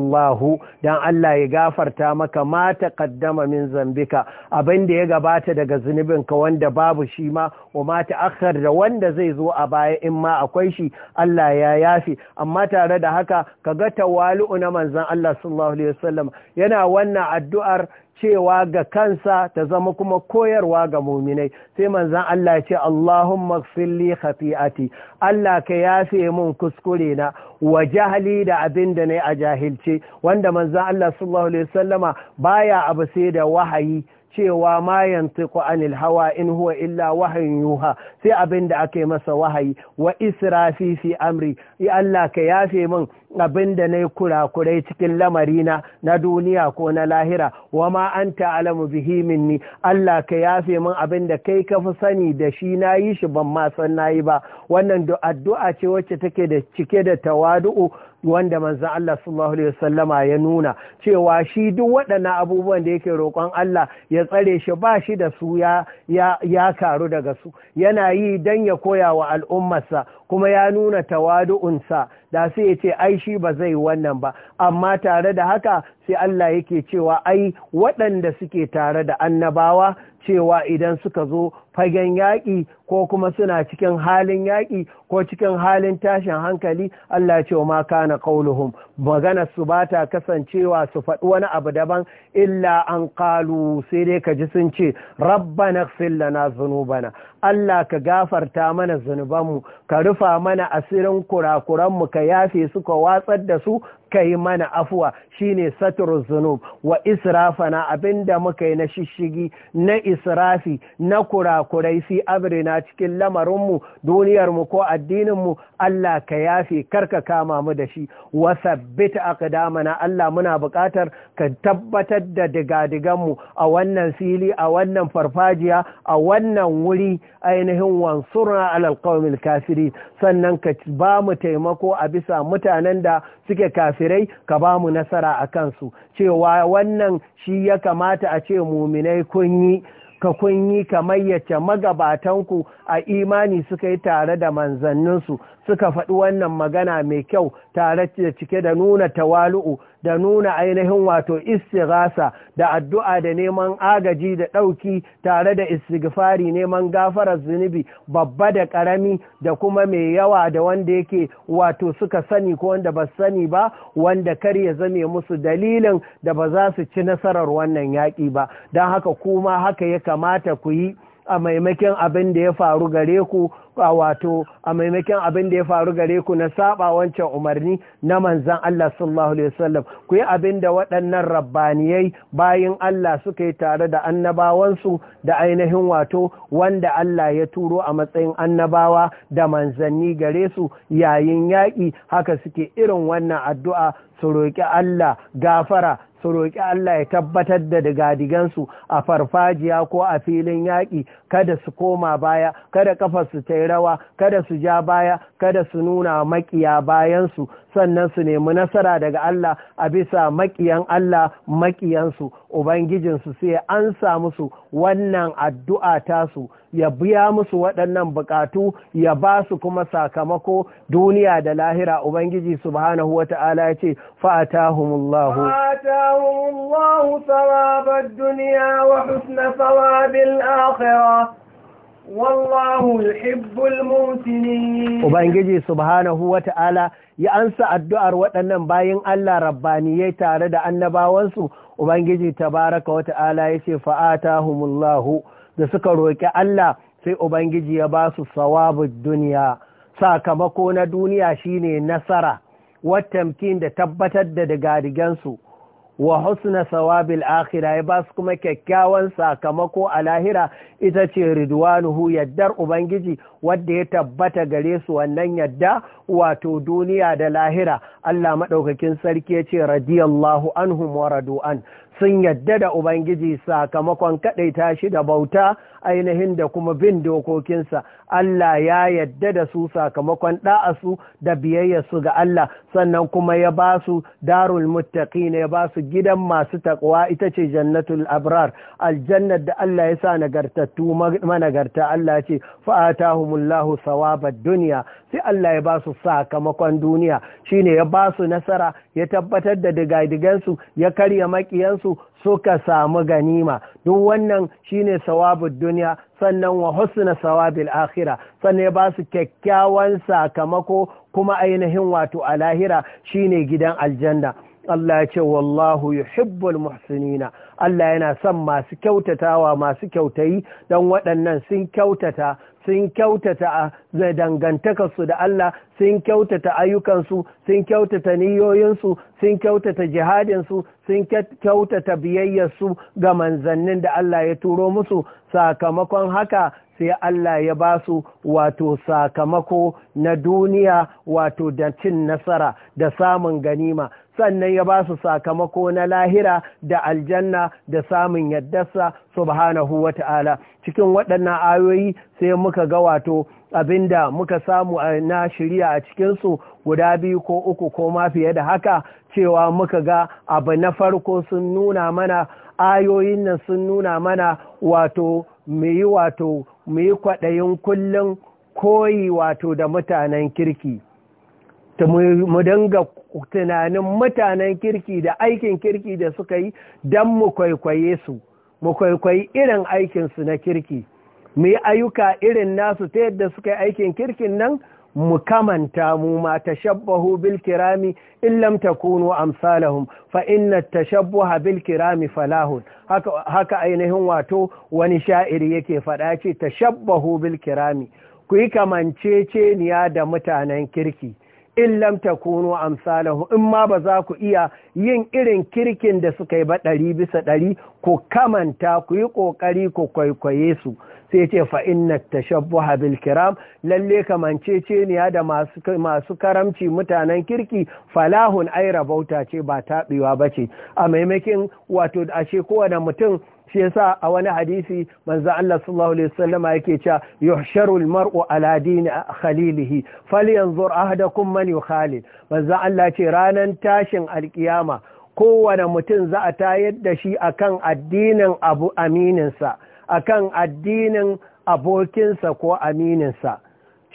Dan Allah ya gafar ta mata kaddamamin zambika. Abinda ya gabata daga zinibin ka wanda babu shi ma wa ma akhar da wanda zai zo a baya in ma akwai shi Allah ya yafi amma tare da haka kaga Tawali'u na manzon Allah sallallahu alaihi wasallam yana wannan addu'ar cewa ga kansa ta zama kuma koyarwa ga muminai sai manzan Allah ce Allahumma gfirli khati'ati Allah ka yafe mun kuskure na wa jahali da abin da nayi a jahilce wanda manzan Allah sallallahu alaihi wasallama baya abu sai da wahayi cewa ma yantiqu anil hawa in huwa illa wahayin yuha sai abin da ake masa wahayi wa israfi fi amri ya Allah ka yafe min abin da nayi kurakurai cikin lamarina na duniya ko na lahira wa ma anta alamu bihi minni Allah ka yafe min abin da kai ka fi sani da shi nayi shi ban ma san nayi ba wannan addu'a ce wacce take da cike da tawadu'u wanda manzan Allah sallallahu Alaihi wasallama ya nuna cewa shi duk waɗannan abubuwan da yake roƙon Allah ya tsare shi ba shi da su ya, karu daga su yana yi don ya koya wa al'ummarsa kuma ya nuna tawadu'unsa da su ya ce ai shi ba zai wannan ba amma tare da haka sai Allah yake cewa ai waɗanda suke tare da annabawa cewa idan suka zo fagen yaƙi ko kuma suna cikin halin yaƙi ko cikin halin tashin hankali Allah ce maka na qauluhum magana su ba ta kasancewa su faɗi wani abu daban illa an ƙalu sai dai ka ji sun ce rabbana na na zunubana Allah ka gafarta mana zunubanmu ka rufa mana asirin kurakuranmu ka yafe su ka watsar da su yi mana afuwa shine satru zunub wa israfana abinda muka yi na shishigi na israfi na kurakurai fi abrina cikin lamarinmu duniyarmu ko addininmu Allah ka yafe karka kama mu da shi wa sabbita aqdamana Allah muna buƙatar ka tabbatar da digadiganmu a wannan fili a wannan farfajiya a wannan wuri ainihin wansurna alal qaumil kafirin sannan ka ba mu taimako a bisa mutanen da suke kafir kafirai ka ba mu nasara a kansu cewa wannan shi ya kamata a ce muminai kun yi ka kun yi kamar yace magabatanku a imani suka yi tare da manzanninsu suka faɗi wannan magana mai kyau tare da cike da nuna tawalu'u da nuna ainihin wato istighasa da addu'a da neman agaji da ɗauki tare da istighfari neman gafarar zunubi babba da ƙarami da kuma mai yawa da wanda yake wato suka sani ko wanda ba sani ba wanda kar ya zame musu dalilin da ba za su ci nasarar wannan yaƙi ba don haka kuma haka ya kamata ku yi a maimakon abin da ya faru gare ku a wato a maimakon abin da ya faru gare ku na saba wancan umarni na manzan Allah sallallahu alaihi wasallam ku yi abin da waɗannan rabbaniyai bayan Allah suka yi tare da annabawansu da ainihin wato wanda Allah ya turo a matsayin annabawa da manzanni gare su yayin yaƙi haka suke irin wannan addu'a su roƙi Allah gafara su roƙi Allah ya tabbatar da digadigansu a farfajiya ko a filin yaƙi kada su koma baya kada kafarsu ta rawa kada su ja baya kada su nuna maƙiya bayansu sannan su nemi nasara daga Allah a bisa maƙiyan Allah maƙiyansu ubangijinsu sai an samu su wannan addu'a tasu ya biya musu waɗannan buƙatu ya ba su kuma sakamako duniya da lahira ubangiji subhanahu wata'ala ya ce fa'atahumullahu fa'atahumullahu thawabad duniya wa husna thawabil akhirah wallahu yuhibbul ubangiji subhanahu wata'ala ya ansa addu'ar waɗannan bayin Allah rabbaniyai tare da annabawansu ubangiji tabaraka wata'ala ya ce fa'atahumullahu da suka roƙi Allah sai Ubangiji ya ba su sawabin duniya sakamako na duniya shine nasara watamkin da tabbatar da digadigansu wa husna sawabil akhira ya ba su kuma kyakkyawan sakamako a lahira ita ce ridwanuhu yaddar ubangiji wadda ya tabbata gare su wannan yadda wato duniya da lahira Allah maɗaukakin sarki ya ce radiyallahu anhum wa radu'an sun yadda da Ubangiji sakamakon kaɗaita shi da bauta ainihin da kuma bin dokokinsa Allah ya yadda da su sakamakon ɗa'asu da biyayyarsu ga Allah sannan kuma ya ba su darul muttaqi ne ya ba su gidan masu takwa ita ce jannatul abrar aljannar da Allah ya sa nagartattu managarta Allah ce fa'atahumullahu sawabad duniya sai Allah ya ba su sakamakon duniya shine ya ba su nasara ya tabbatar da diga-digansu, ya karya makiyansu suka samu ganima duk wannan shine sawabin duniya sannan wa husna sawabil akhira sannan ba su kyakkyawan sakamako kuma ainihin wato a lahira shine gidan aljanna Allah ya ce wallahu yuhibbul muhsinina Allah yana son masu kyautatawa masu kyautayi don waɗannan sun kyautata sun kyautata dangantakarsu da Allah sun kyautata ayyukansu sun kyautata niyoyinsu sun kyautata jihadinsu sun kyautata biyayyarsu ga manzannin da Allah ya turo musu sakamakon haka sai Allah ya ba su wato sakamako na duniya wato da cin nasara da samun ganima sannan ya ba su sakamako na lahira da aljanna da samun yaddarsa subhanahu wa ta'ala cikin waɗannan ayoyi sai muka ga wato abinda muka samu na shirya a cikinsu guda biyu ko uku ko ma fiye da haka cewa muka ga abu na farko sun nuna mana ayoyin nan sun nuna mana wato mai wato mu yi kwaɗayin kullum koyi wato da mutanen kirki mu dinga tunanin mutanen kirki da aikin kirki da suka yi don mu kwaikwaye su mu kwaikwayi irin aikinsu na kirki mu yi ayyuka irin nasu ta yadda suka yi aikin kirkin nan mu kamanta mu ma tashabbahu bil kirami in lam takunu amsalahum fa inna tashabbuha bil kirami falahun haka, haka ainihin wato wani sha'iri yake faɗa ce tashabbahu bil kirami ku yi kamanceceniya da mutanen kirki in lam takunu amsalahu in ma ba za ku iya yin irin kirkin da suka yi ba ɗari bisa ɗari ku kamanta ku yi ƙoƙari ku kwaikwaye su sai ce fa inna tashabbuha habil kiram lalle kamanceceniya da masu masu karamci mutanen kirki falahun ai rabauta ce ba taɓewa ba ce a maimakin wato ashe kowane mutum shi yasa a wani hadisi manzo Allah sallallahu alaihi wasallama yake cewa yuhsharu almar'u ala dini khalilihi falyanzur ahadakum man yukhalil manzo Allah ce ranan tashin alkiyama kowane mutum za a tayar da shi akan addinin abu amininsa akan addinin abokinsa ko amininsa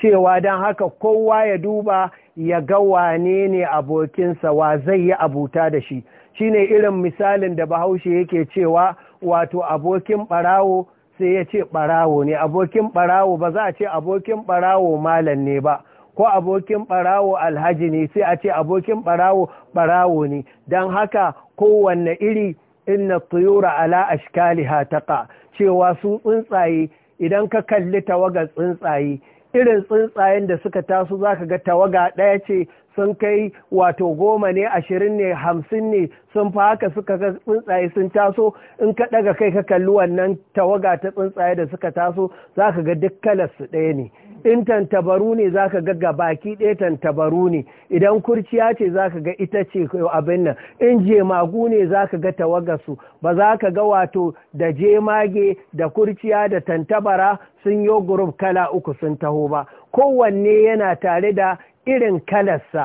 cewa don haka kowa ya duba ya ga wane ne abokinsa wa zai yi abuta da shi shine irin misalin da bahaushe yake cewa wato abokin ɓarawo sai ya ce ɓarawo ne abokin ɓarawo ba za a ce abokin ɓarawo malam ne ba ko abokin ɓarawo alhaji ne sai a ce abokin ɓarawo ɓarawo ne don haka kowanne iri inna tuyura ala ashkaliha hataka cewa su tsuntsaye idan ka kalli tawagar tsuntsaye irin tsuntsayen da suka taso zaka ga tawaga ɗaya ce sun kai wato goma ne ashirin ne hamsin ne sun fa haka suka ga tsuntsaye sun taso in ka ɗaga kai ka kalli wannan tawaga ta tsuntsaye da suka taso za ka ga duk kalar su ɗaya ne in tantabaru ne za ka ga gabaki ɗaya tantabaru ne idan kurciya ce za ka ga ita ce abin nan in jemagu ne za ka ga tawagarsu ba za ka ga wato da jemage da kurciya da tantabara sun yi gurub kala uku sun taho ba kowanne yana tare da irin kalarsa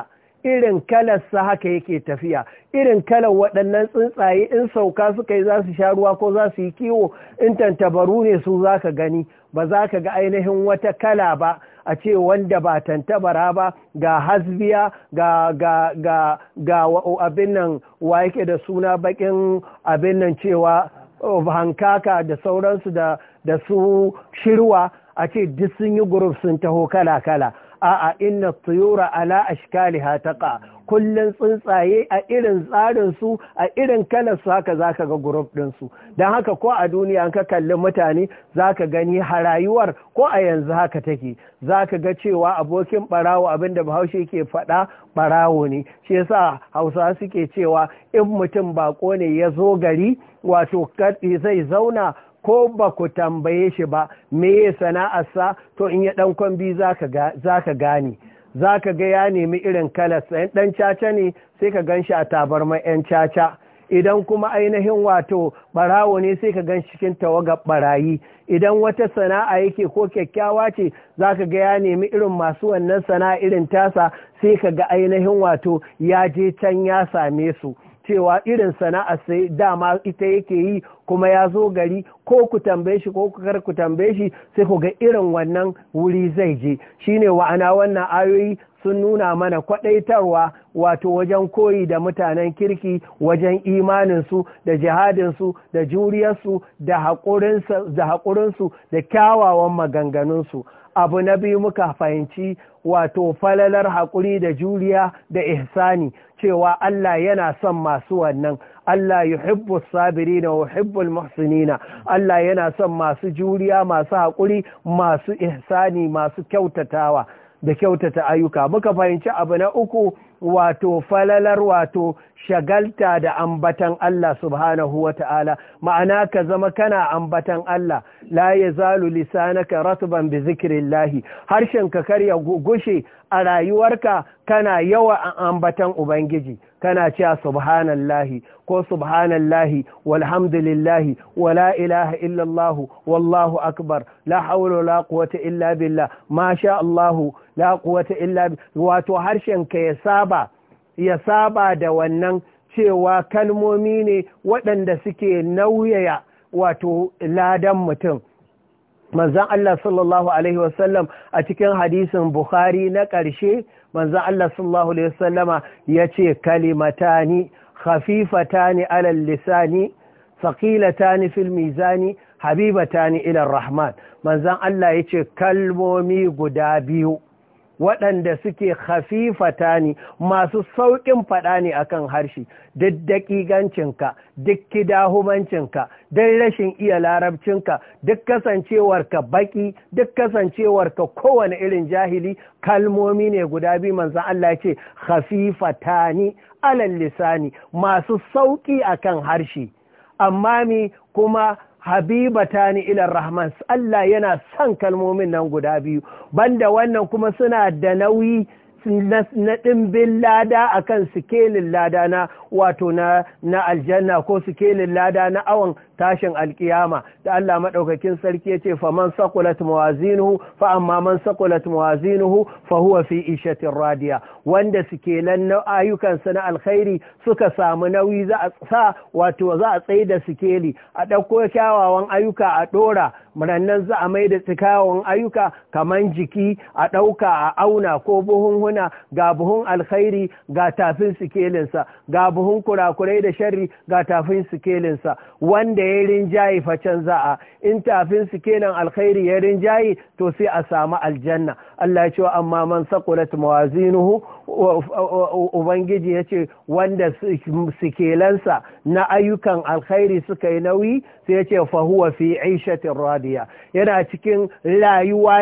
irin kalarsa haka yake tafiya irin kalar waɗannan tsuntsaye in sauka suka yi za su sha ruwa ko za su yi kiwo in tantabaru ne su za ka gani ba za ka ga ainihin wata kala ba a ce wanda ba tantabara ba ga hasbiya ga ga abin nan wa yake da suna bakin abin nan cewa hankaka da sauransu da da su shirwa a ce duk sun yi guruf sun taho kala-kala a'a inna tsuyura ala ashkaliha taqa kullun tsuntsaye a irin tsarin su a irin kalar su haka zaka ga group din su dan haka ko a duniya an ka kalli mutane zaka gani harayuwar ko a yanzu haka take zaka ga cewa abokin barawo abinda Bahaushe ke faɗa barawo ne shi yasa Hausa suke cewa in mutum bako ne ya zo gari wato zai zauna ko ba ku tambaye shi ba me ya sa? to in ya ɗan kwambi za ka gane za ka ga ya nemi irin kalarsa yan ɗan caca ne sai ka gan shi a tabarma yan caca idan kuma ainihin wato ɓarawo ne sai ka gan cikin tawagar ɓarayi idan wata sana'a yake ko kyakkyawa ce za ka ga ya nemi irin masu wannan sana'a irin tasa sai ka ga ainihin wato ya je can ya same su cewa irin sana'a sai dama ita yake yi kuma ya zo gari ko ku tambaye shi ko kar ku tambaye shi sai ku ga irin wannan wuri zai je shine wa'ana wannan ayoyi sun nuna mana kwaɗaitarwa wato wajen koyi da mutanen kirki wajen imaninsu da jihadinsu da juriyarsu da haƙurinsu da kyawawan maganganunsu abu na biyu muka fahimci wato falalar haƙuri da juriya da ihsani cewa Allah yana son masu wannan Allah hibbu sabirina na yuhibbul muhsinina Allah yana son masu juriya masu haƙuri masu ihsani masu kyautatawa da kyautata ayyuka muka fahimci abu na uku wato falalar wato shagalta da ambatan Allah subhanahu wa ta'ala ma'ana ka zama kana ambatan Allah la ya zalu lisanaka ratban bi lahi. Harshen kar ya gushe a rayuwarka kana yawa ambatan ubangiji kana cewa subhanallahi ko subhanallahi walhamdulillahi wala ilaha illallah wallahu akbar la hawla wala quwwata illa billah masha Allah la quwwata illa wato harshen ka ya saba ya saba da wannan cewa kalmomi ne waɗanda suke nauyaya wato ladan mutum manzon Allah sallallahu alaihi wasallam a cikin hadisin Bukhari na ƙarshe manzo Allah sallallahu alaihi wasallama yace kalimatani khafifatani ala lisani thaqilatani fil mizani habibatani ila arrahman manzon Allah yace kalmomi guda biyu waɗanda suke hafifata ne masu sauƙin faɗa ne akan harshe duk daƙigancinka duk kidahumancinka don rashin iya larabcinka duk kasancewarka baki duk kasancewarka kowane irin jahili kalmomi ne guda biyu manzan Allah ce khafifatani alal lisani masu sauki akan harshe amma mi kuma habibatani ilar rahman Allah yana son kalmomin nan guda biyu banda wannan kuma suna da nauyi na ɗimbin lada akan sikelin lada na wato na na aljanna ko sikelin lada na awon tashin alkiyama da Allah madaukakin sarki yace man saqulat mawazinuhu fa amma man saqulat mawazinuhu fa huwa fi ishatin radiya wanda sikelan ayyukan sa na alkhairi suka samu nauyi za a sa wato za a tsaye da sikeli a dauko kyawawan ayyuka a dora murannan za a mai da tsikawan ayyuka kaman jiki a dauka a auna ko buhun huna ga buhun alkhairi ga tafin sikelinsa ga buhun buhun kurakurai da sharri ga tafin sikelinsa wanda ya rinjaye facen za'a in tafin sikelin alkhairi ya rinjaye to sai a samu aljanna Allah ya ce amma man saqulat mawazinuhu ubangiji ya ce wanda sikelansa na ayyukan alkhairi suka yi nauyi sai ya ce fa huwa fi aishatin radiya yana cikin rayuwa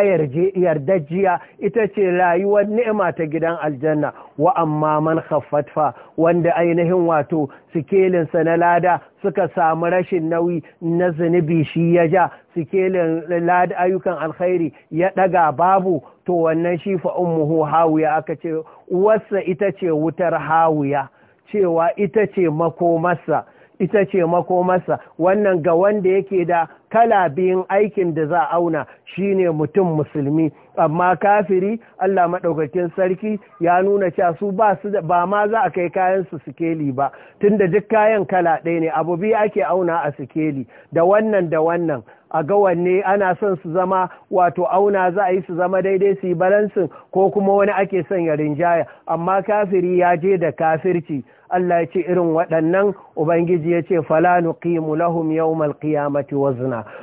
yardajiya ita ce rayuwar ni'ima ta gidan aljanna wa amma man khaffat fa wanda ainihin ainihin wato sikelinsa na lada suka samu rashin nauyi na zunubi shi ya ja sikelin lada ayyukan alkhairi ya ɗaga babu to wannan shi fa ummuhu hawuya aka ce uwarsa ita ce wutar hawuya cewa ita ce makomarsa ita ce mako masa, wannan ga wanda yake da kala biyun aikin da za a auna shine mutum musulmi amma kafiri Allah maɗaukakin sarki ya nuna cewa su ba su ba ma za a kai kayan su sikeli ba tunda duk kayan kala ɗaya ne abu biyu ake auna a sikeli da wannan da wannan a ga wanne ana son su zama wato auna za a yi su zama daidai su yi balansin ko kuma wani ake son ya rinjaya amma kafiri ya je da kafirci Allah ya ce irin waɗannan Ubangiji ya ce falanu ƙimu lahum yawmal qiyamati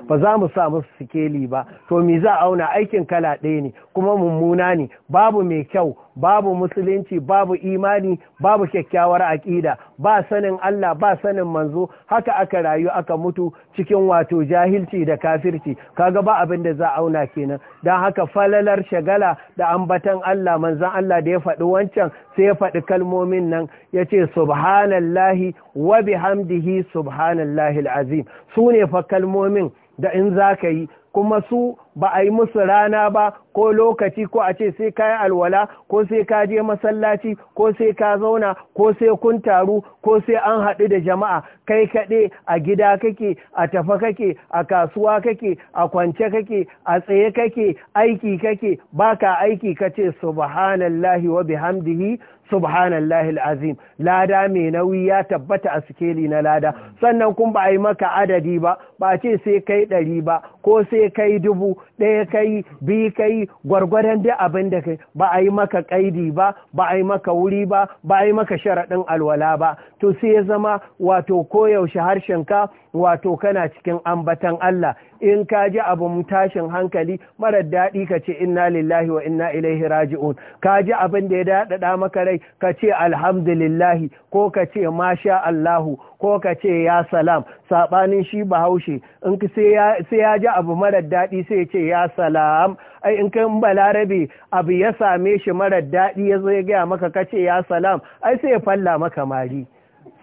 ba za mu sa musu sikeli ba to me za auna aikin kala ɗaya ne kuma mummuna ne babu mai kyau babu musulunci babu imani babu kyakkyawar aƙida ba sanin Allah ba sanin manzo haka aka rayu aka mutu cikin wato jahilci da kafirci kaga ba abin da za a auna kenan don haka falalar shagala da ambatan Allah manzan Allah da ya faɗi wancan sai ya faɗi kalmomin nan ya ce subhanallahi wa bihamdihi subhanallahi al'azim su ne fa kalmomin da in za ka yi kuma su ba a yi musu rana ba ko lokaci ko a ce sai ka yi alwala ko sai ka je masallaci ko sai ka zauna ko sai kun taru ko sai an haɗu da jama'a kai kaɗe a gida kake a tafa kake a kasuwa kake a kwance kake a tsaye kake aiki kake ba ka aiki kace subhanallahi wa bihamdihi subhanallahi azim lada mai nauyi ya tabbata a sikeli na lada sannan kun ba a yi maka adadi ba ba ce sai kai ɗari ba ko sai kai dubu ɗaya kai biyu kai gwargwadon da abin da kai ba a yi maka kaidi ba ba a yi maka wuri ba ba a yi maka sharaɗin alwala ba to sai ya zama wato koyaushe harshen ka. wato kana cikin ambatan Allah in ka ji abin tashin hankali marar daɗi ka ce inna lillahi wa inna ilaihi raji'un ka ji abin da ya daɗaɗa maka rai ka ce alhamdulillahi ko ka ce masha Allahu ko ka ce ya salam saɓanin shi bahaushe in sai ya ji abu marar daɗi sai ce ya salam ai in kan balarabe abu ya same shi marar daɗi ya zo ya gaya maka ka ce ya salam ai sai ya falla maka mari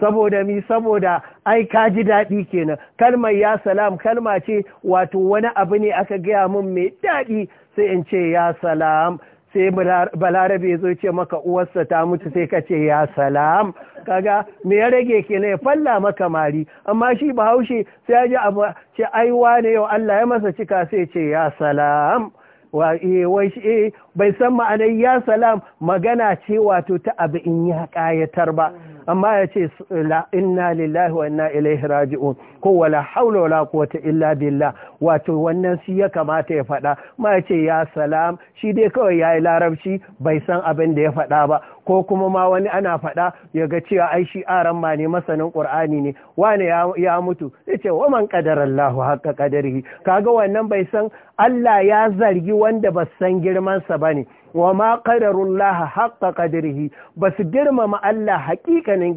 saboda mi saboda ai ka ji daɗi kenan kalmar ya salam kalma ce wato wani abu ne aka gaya min mai daɗi sai in ce ya salam sai balarabe ya zo ce maka uwarsa ta mutu sai ka ce ya salam kaga me ya rage kenan ya falla maka mari amma shi bahaushe sai ya ji abu ce ai wane yau Allah ya masa cika sai ce ya salam eh, eh, bai san ma'anar ya salam magana ce wato ta abu in ya ƙayatar ba amma ya ce inna lillahi wa inna ilaihi raji'un ko wala haula wala quwwata illa billah wato wannan shi ya kamata ya faɗa ma ya ce ya salam shi dai kawai yayi larabci bai san abin da ya faɗa ba ko kuma ma wani ana faɗa ya ga cewa ai shi aran ma ne masanin qur'ani ne wani ya mutu yace wa man qadarallahu haqqa qadarihi kaga wannan bai san Allah ya zargi wanda ba san girman sa bane wa ma qadarullaha haqqa qadrihi basu girmama Allah hakikanin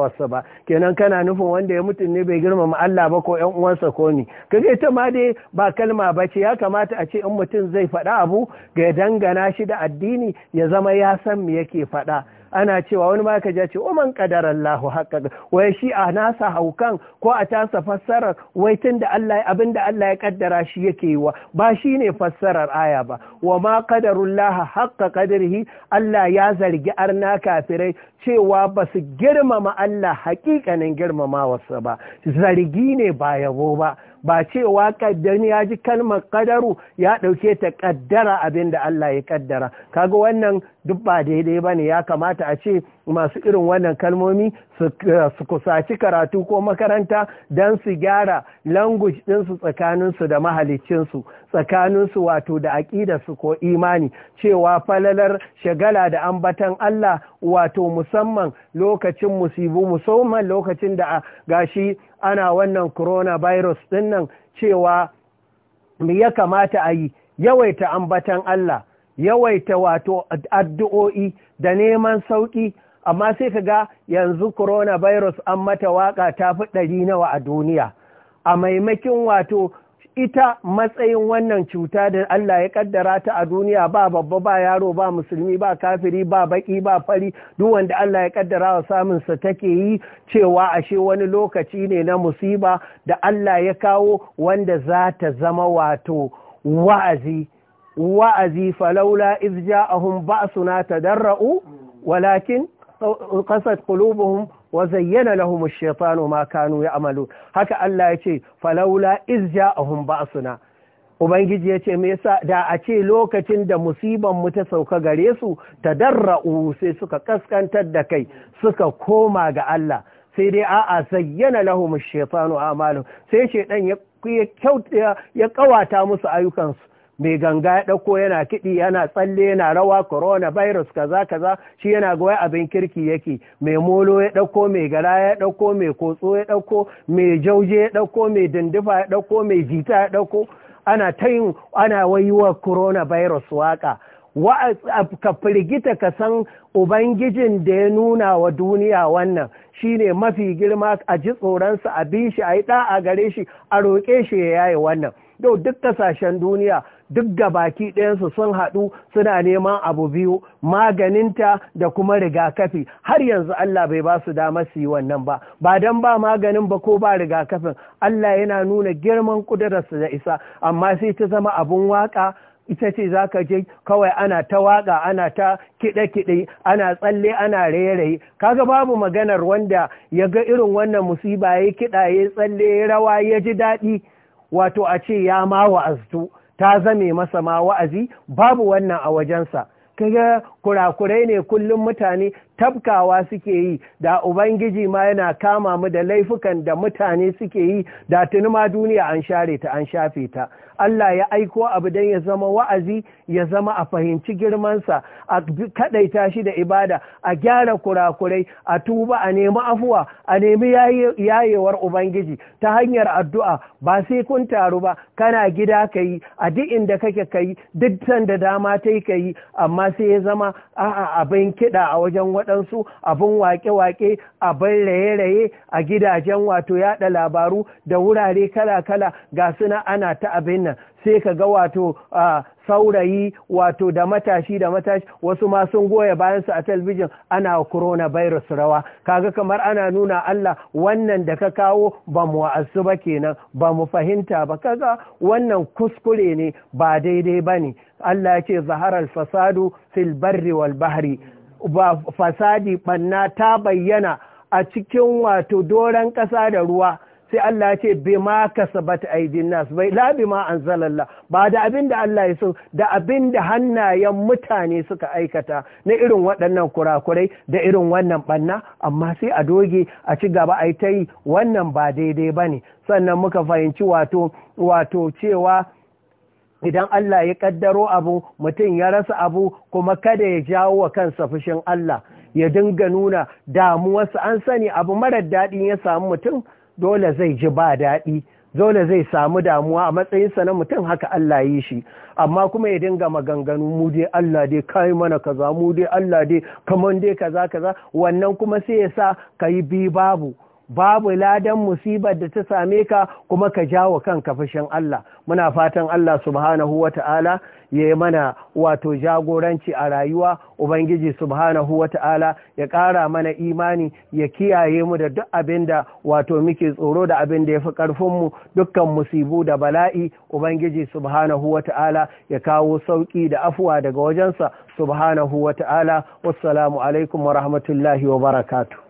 wasu ba kenan kana nufin wanda ya mutum ne bai girmama Allah ba ko yan uwansa ko ni kaga ta ma dai ba kalma ba ce ya kamata a ce in mutum zai faɗa abu ga dangana shi da addini ya zama ya san me yake faɗa ana cewa wani ma ka ce umar man Allah haƙa wai shi a nasa haukan ko a tasa fassarar wai tun da Allah da Allah ya ƙaddara shi yake yi wa ba shi ne fassarar aya ba wa ma qadarullaha haqqa qadrihi Allah ya zargi arna kafirai cewa ba su girmama Allah hakikanin girmamawarsa ba zargi ne ba yabo ba ba cewa kaddani ya ji kalmar kadaru ya ɗauke ta kaddara abinda Allah ya kaddara kaga wannan duk ba daidai ba ne ya kamata a ce masu irin wannan kalmomi eh, su kusaci karatu ko makaranta don su gyara language ɗinsu tsakaninsu da mahalicinsu tsakaninsu wato da aƙidarsu ko imani cewa falalar shagala da ambatan Allah wato musamman lokacin musibu musamman lokacin da ah, gashi ana wannan coronavirus ɗinnan cewa ya kamata a yi yawaita ambatan Allah yawaita wato addu'o'i da neman sauƙi amma sai ka ga yanzu coronavirus an mata waka ta fi ɗari nawa a duniya a maimakin wato ita matsayin wannan cuta da Allah ya kaddara ta a duniya ba babba ba yaro ba musulmi ba kafiri ba baki ba fari duk wanda Allah ya kaddara wa samun sa take yi cewa ashe wani lokaci ne na musiba da Allah ya kawo wanda za ta zama wato wa'azi wa'azi falaula iz ja'ahum ba'suna tadarra'u walakin qasat qulubuhum wa zayyana lahum ash-shaytanu ma kanu ya'malu haka Allah yace falawla iz ja'ahum ba'suna Ubangiji yace ce, Me yasa da a ce lokacin da mu ta sauka gare su, ta darra'u sai suka kaskantar da kai, suka koma ga Allah, sai dai a'a zayyana lahum shaitanu amalu sai shaidan ya ya kawata musu ayyukansu mai ganga ya ɗauko yana kiɗi yana tsalle yana rawa coronavirus kaza kaza shi yana ga abin kirki yake mai molo ya ɗauko mai gara ya ɗauko mai kotso ya ɗauko mai jauje ya ɗauko mai dindifa ya ɗauko mai jita ya ɗauko ana ta yin ana waiwa coronavirus waka ka firgita ka san ubangijin da ya nuna wa duniya wannan shine mafi girma a ji tsoronsa a bi shi a yi ɗa a gare shi a roƙe shi ya yaye wannan yau duk kasashen duniya duk gabaki ɗayansu sun haɗu suna neman abu biyu maganinta da kuma rigakafi har yanzu Allah bai ba su dama su yi wannan ba ba don ba maganin ba ko ba rigakafin Allah yana nuna girman ƙudurarsa da isa amma sai ta zama abun waƙa. ita ce za ka je kawai ana ta waƙa ana ta kiɗe-kiɗe ana tsalle ana raye-raye kaga babu maganar wanda ya ga irin wannan musiba ya kiɗa ya tsalle ya rawa ya ji daɗi wato a ce ya ma wa'aztu ta zame masa ma wa'azi babu wannan a wajensa kaga kurakurai ne kullum mutane tabkawa suke yi da ubangiji ma yana kama mu da laifukan da mutane suke yi da tuni ma duniya an share ta an shafe ta Allah ya aiko abu don ya zama wa'azi ya zama a fahimci girmansa a kadaita shi da ibada a gyara kurakurai a tuba a nemi afuwa a nemi yayewar ubangiji ta hanyar addu'a ba sai kun taru ba kana gida ka yi a duk inda kake ka yi duk sanda dama ta yi ka yi amma sai ya zama abin kiɗa a wajen waɗansu abin wake-wake abin raye-raye a gidajen wato yaɗa labaru da wurare kala-kala ga suna ana ta abin nan sai ka ga wato saurayi wato da matashi da matashi wasu ma sun goya bayansu a talbijin ana coronavirus rawa kaga kamar ana nuna Allah wannan da ka kawo ba mu wa'azu ba kenan ba mu fahimta ba kaga wannan kuskure ne ba daidai ba ne Allah ya ce zaharar fasadu fil barri wal bahri ba fasadi banna ta bayyana a cikin wato doron ƙasa da ruwa sai Allah ce bi ma kasabat aidin nas bai la bi ma anzalalla ba da abin da Allah ya so da abin da hannayen mutane suka aikata na irin waɗannan kurakurai da irin wannan banna amma sai a doge a ci gaba a yi ta yi wannan ba daidai ba ne sannan muka fahimci wato cewa idan Allah ya kaddaro abu mutum ya rasa abu kuma kada ya jawo wa kansa fushin Allah ya dinga nuna damuwarsa an sani abu marar daɗi ya samu mutum dole zai ji ba daɗi dole zai samu damuwa a matsayinsa na mutum haka Allah yi shi amma kuma ya dinga maganganu mu dai Allah dai kai mana kaza mu dai Allah dai kaman dai kaza kaza wannan kuma sai ya sa ka yi bi babu babu ladan musibar da ta same ka kuma ka ja wa kanka fushin Allah muna fatan Allah subhanahu wata'ala ya yi mana wato jagoranci a rayuwa ubangiji subhanahu wata'ala ya ƙara mana imani ya kiyaye mu da duk abin da wato muke tsoro da abin da ya fi ƙarfinmu dukkan musibu da bala'i ubangiji subhanahu wata'ala ya kawo sauƙi da afuwa daga wajensa subhanahu wata'ala wassalamu alaikum wa rahmatullahi wa barakatu.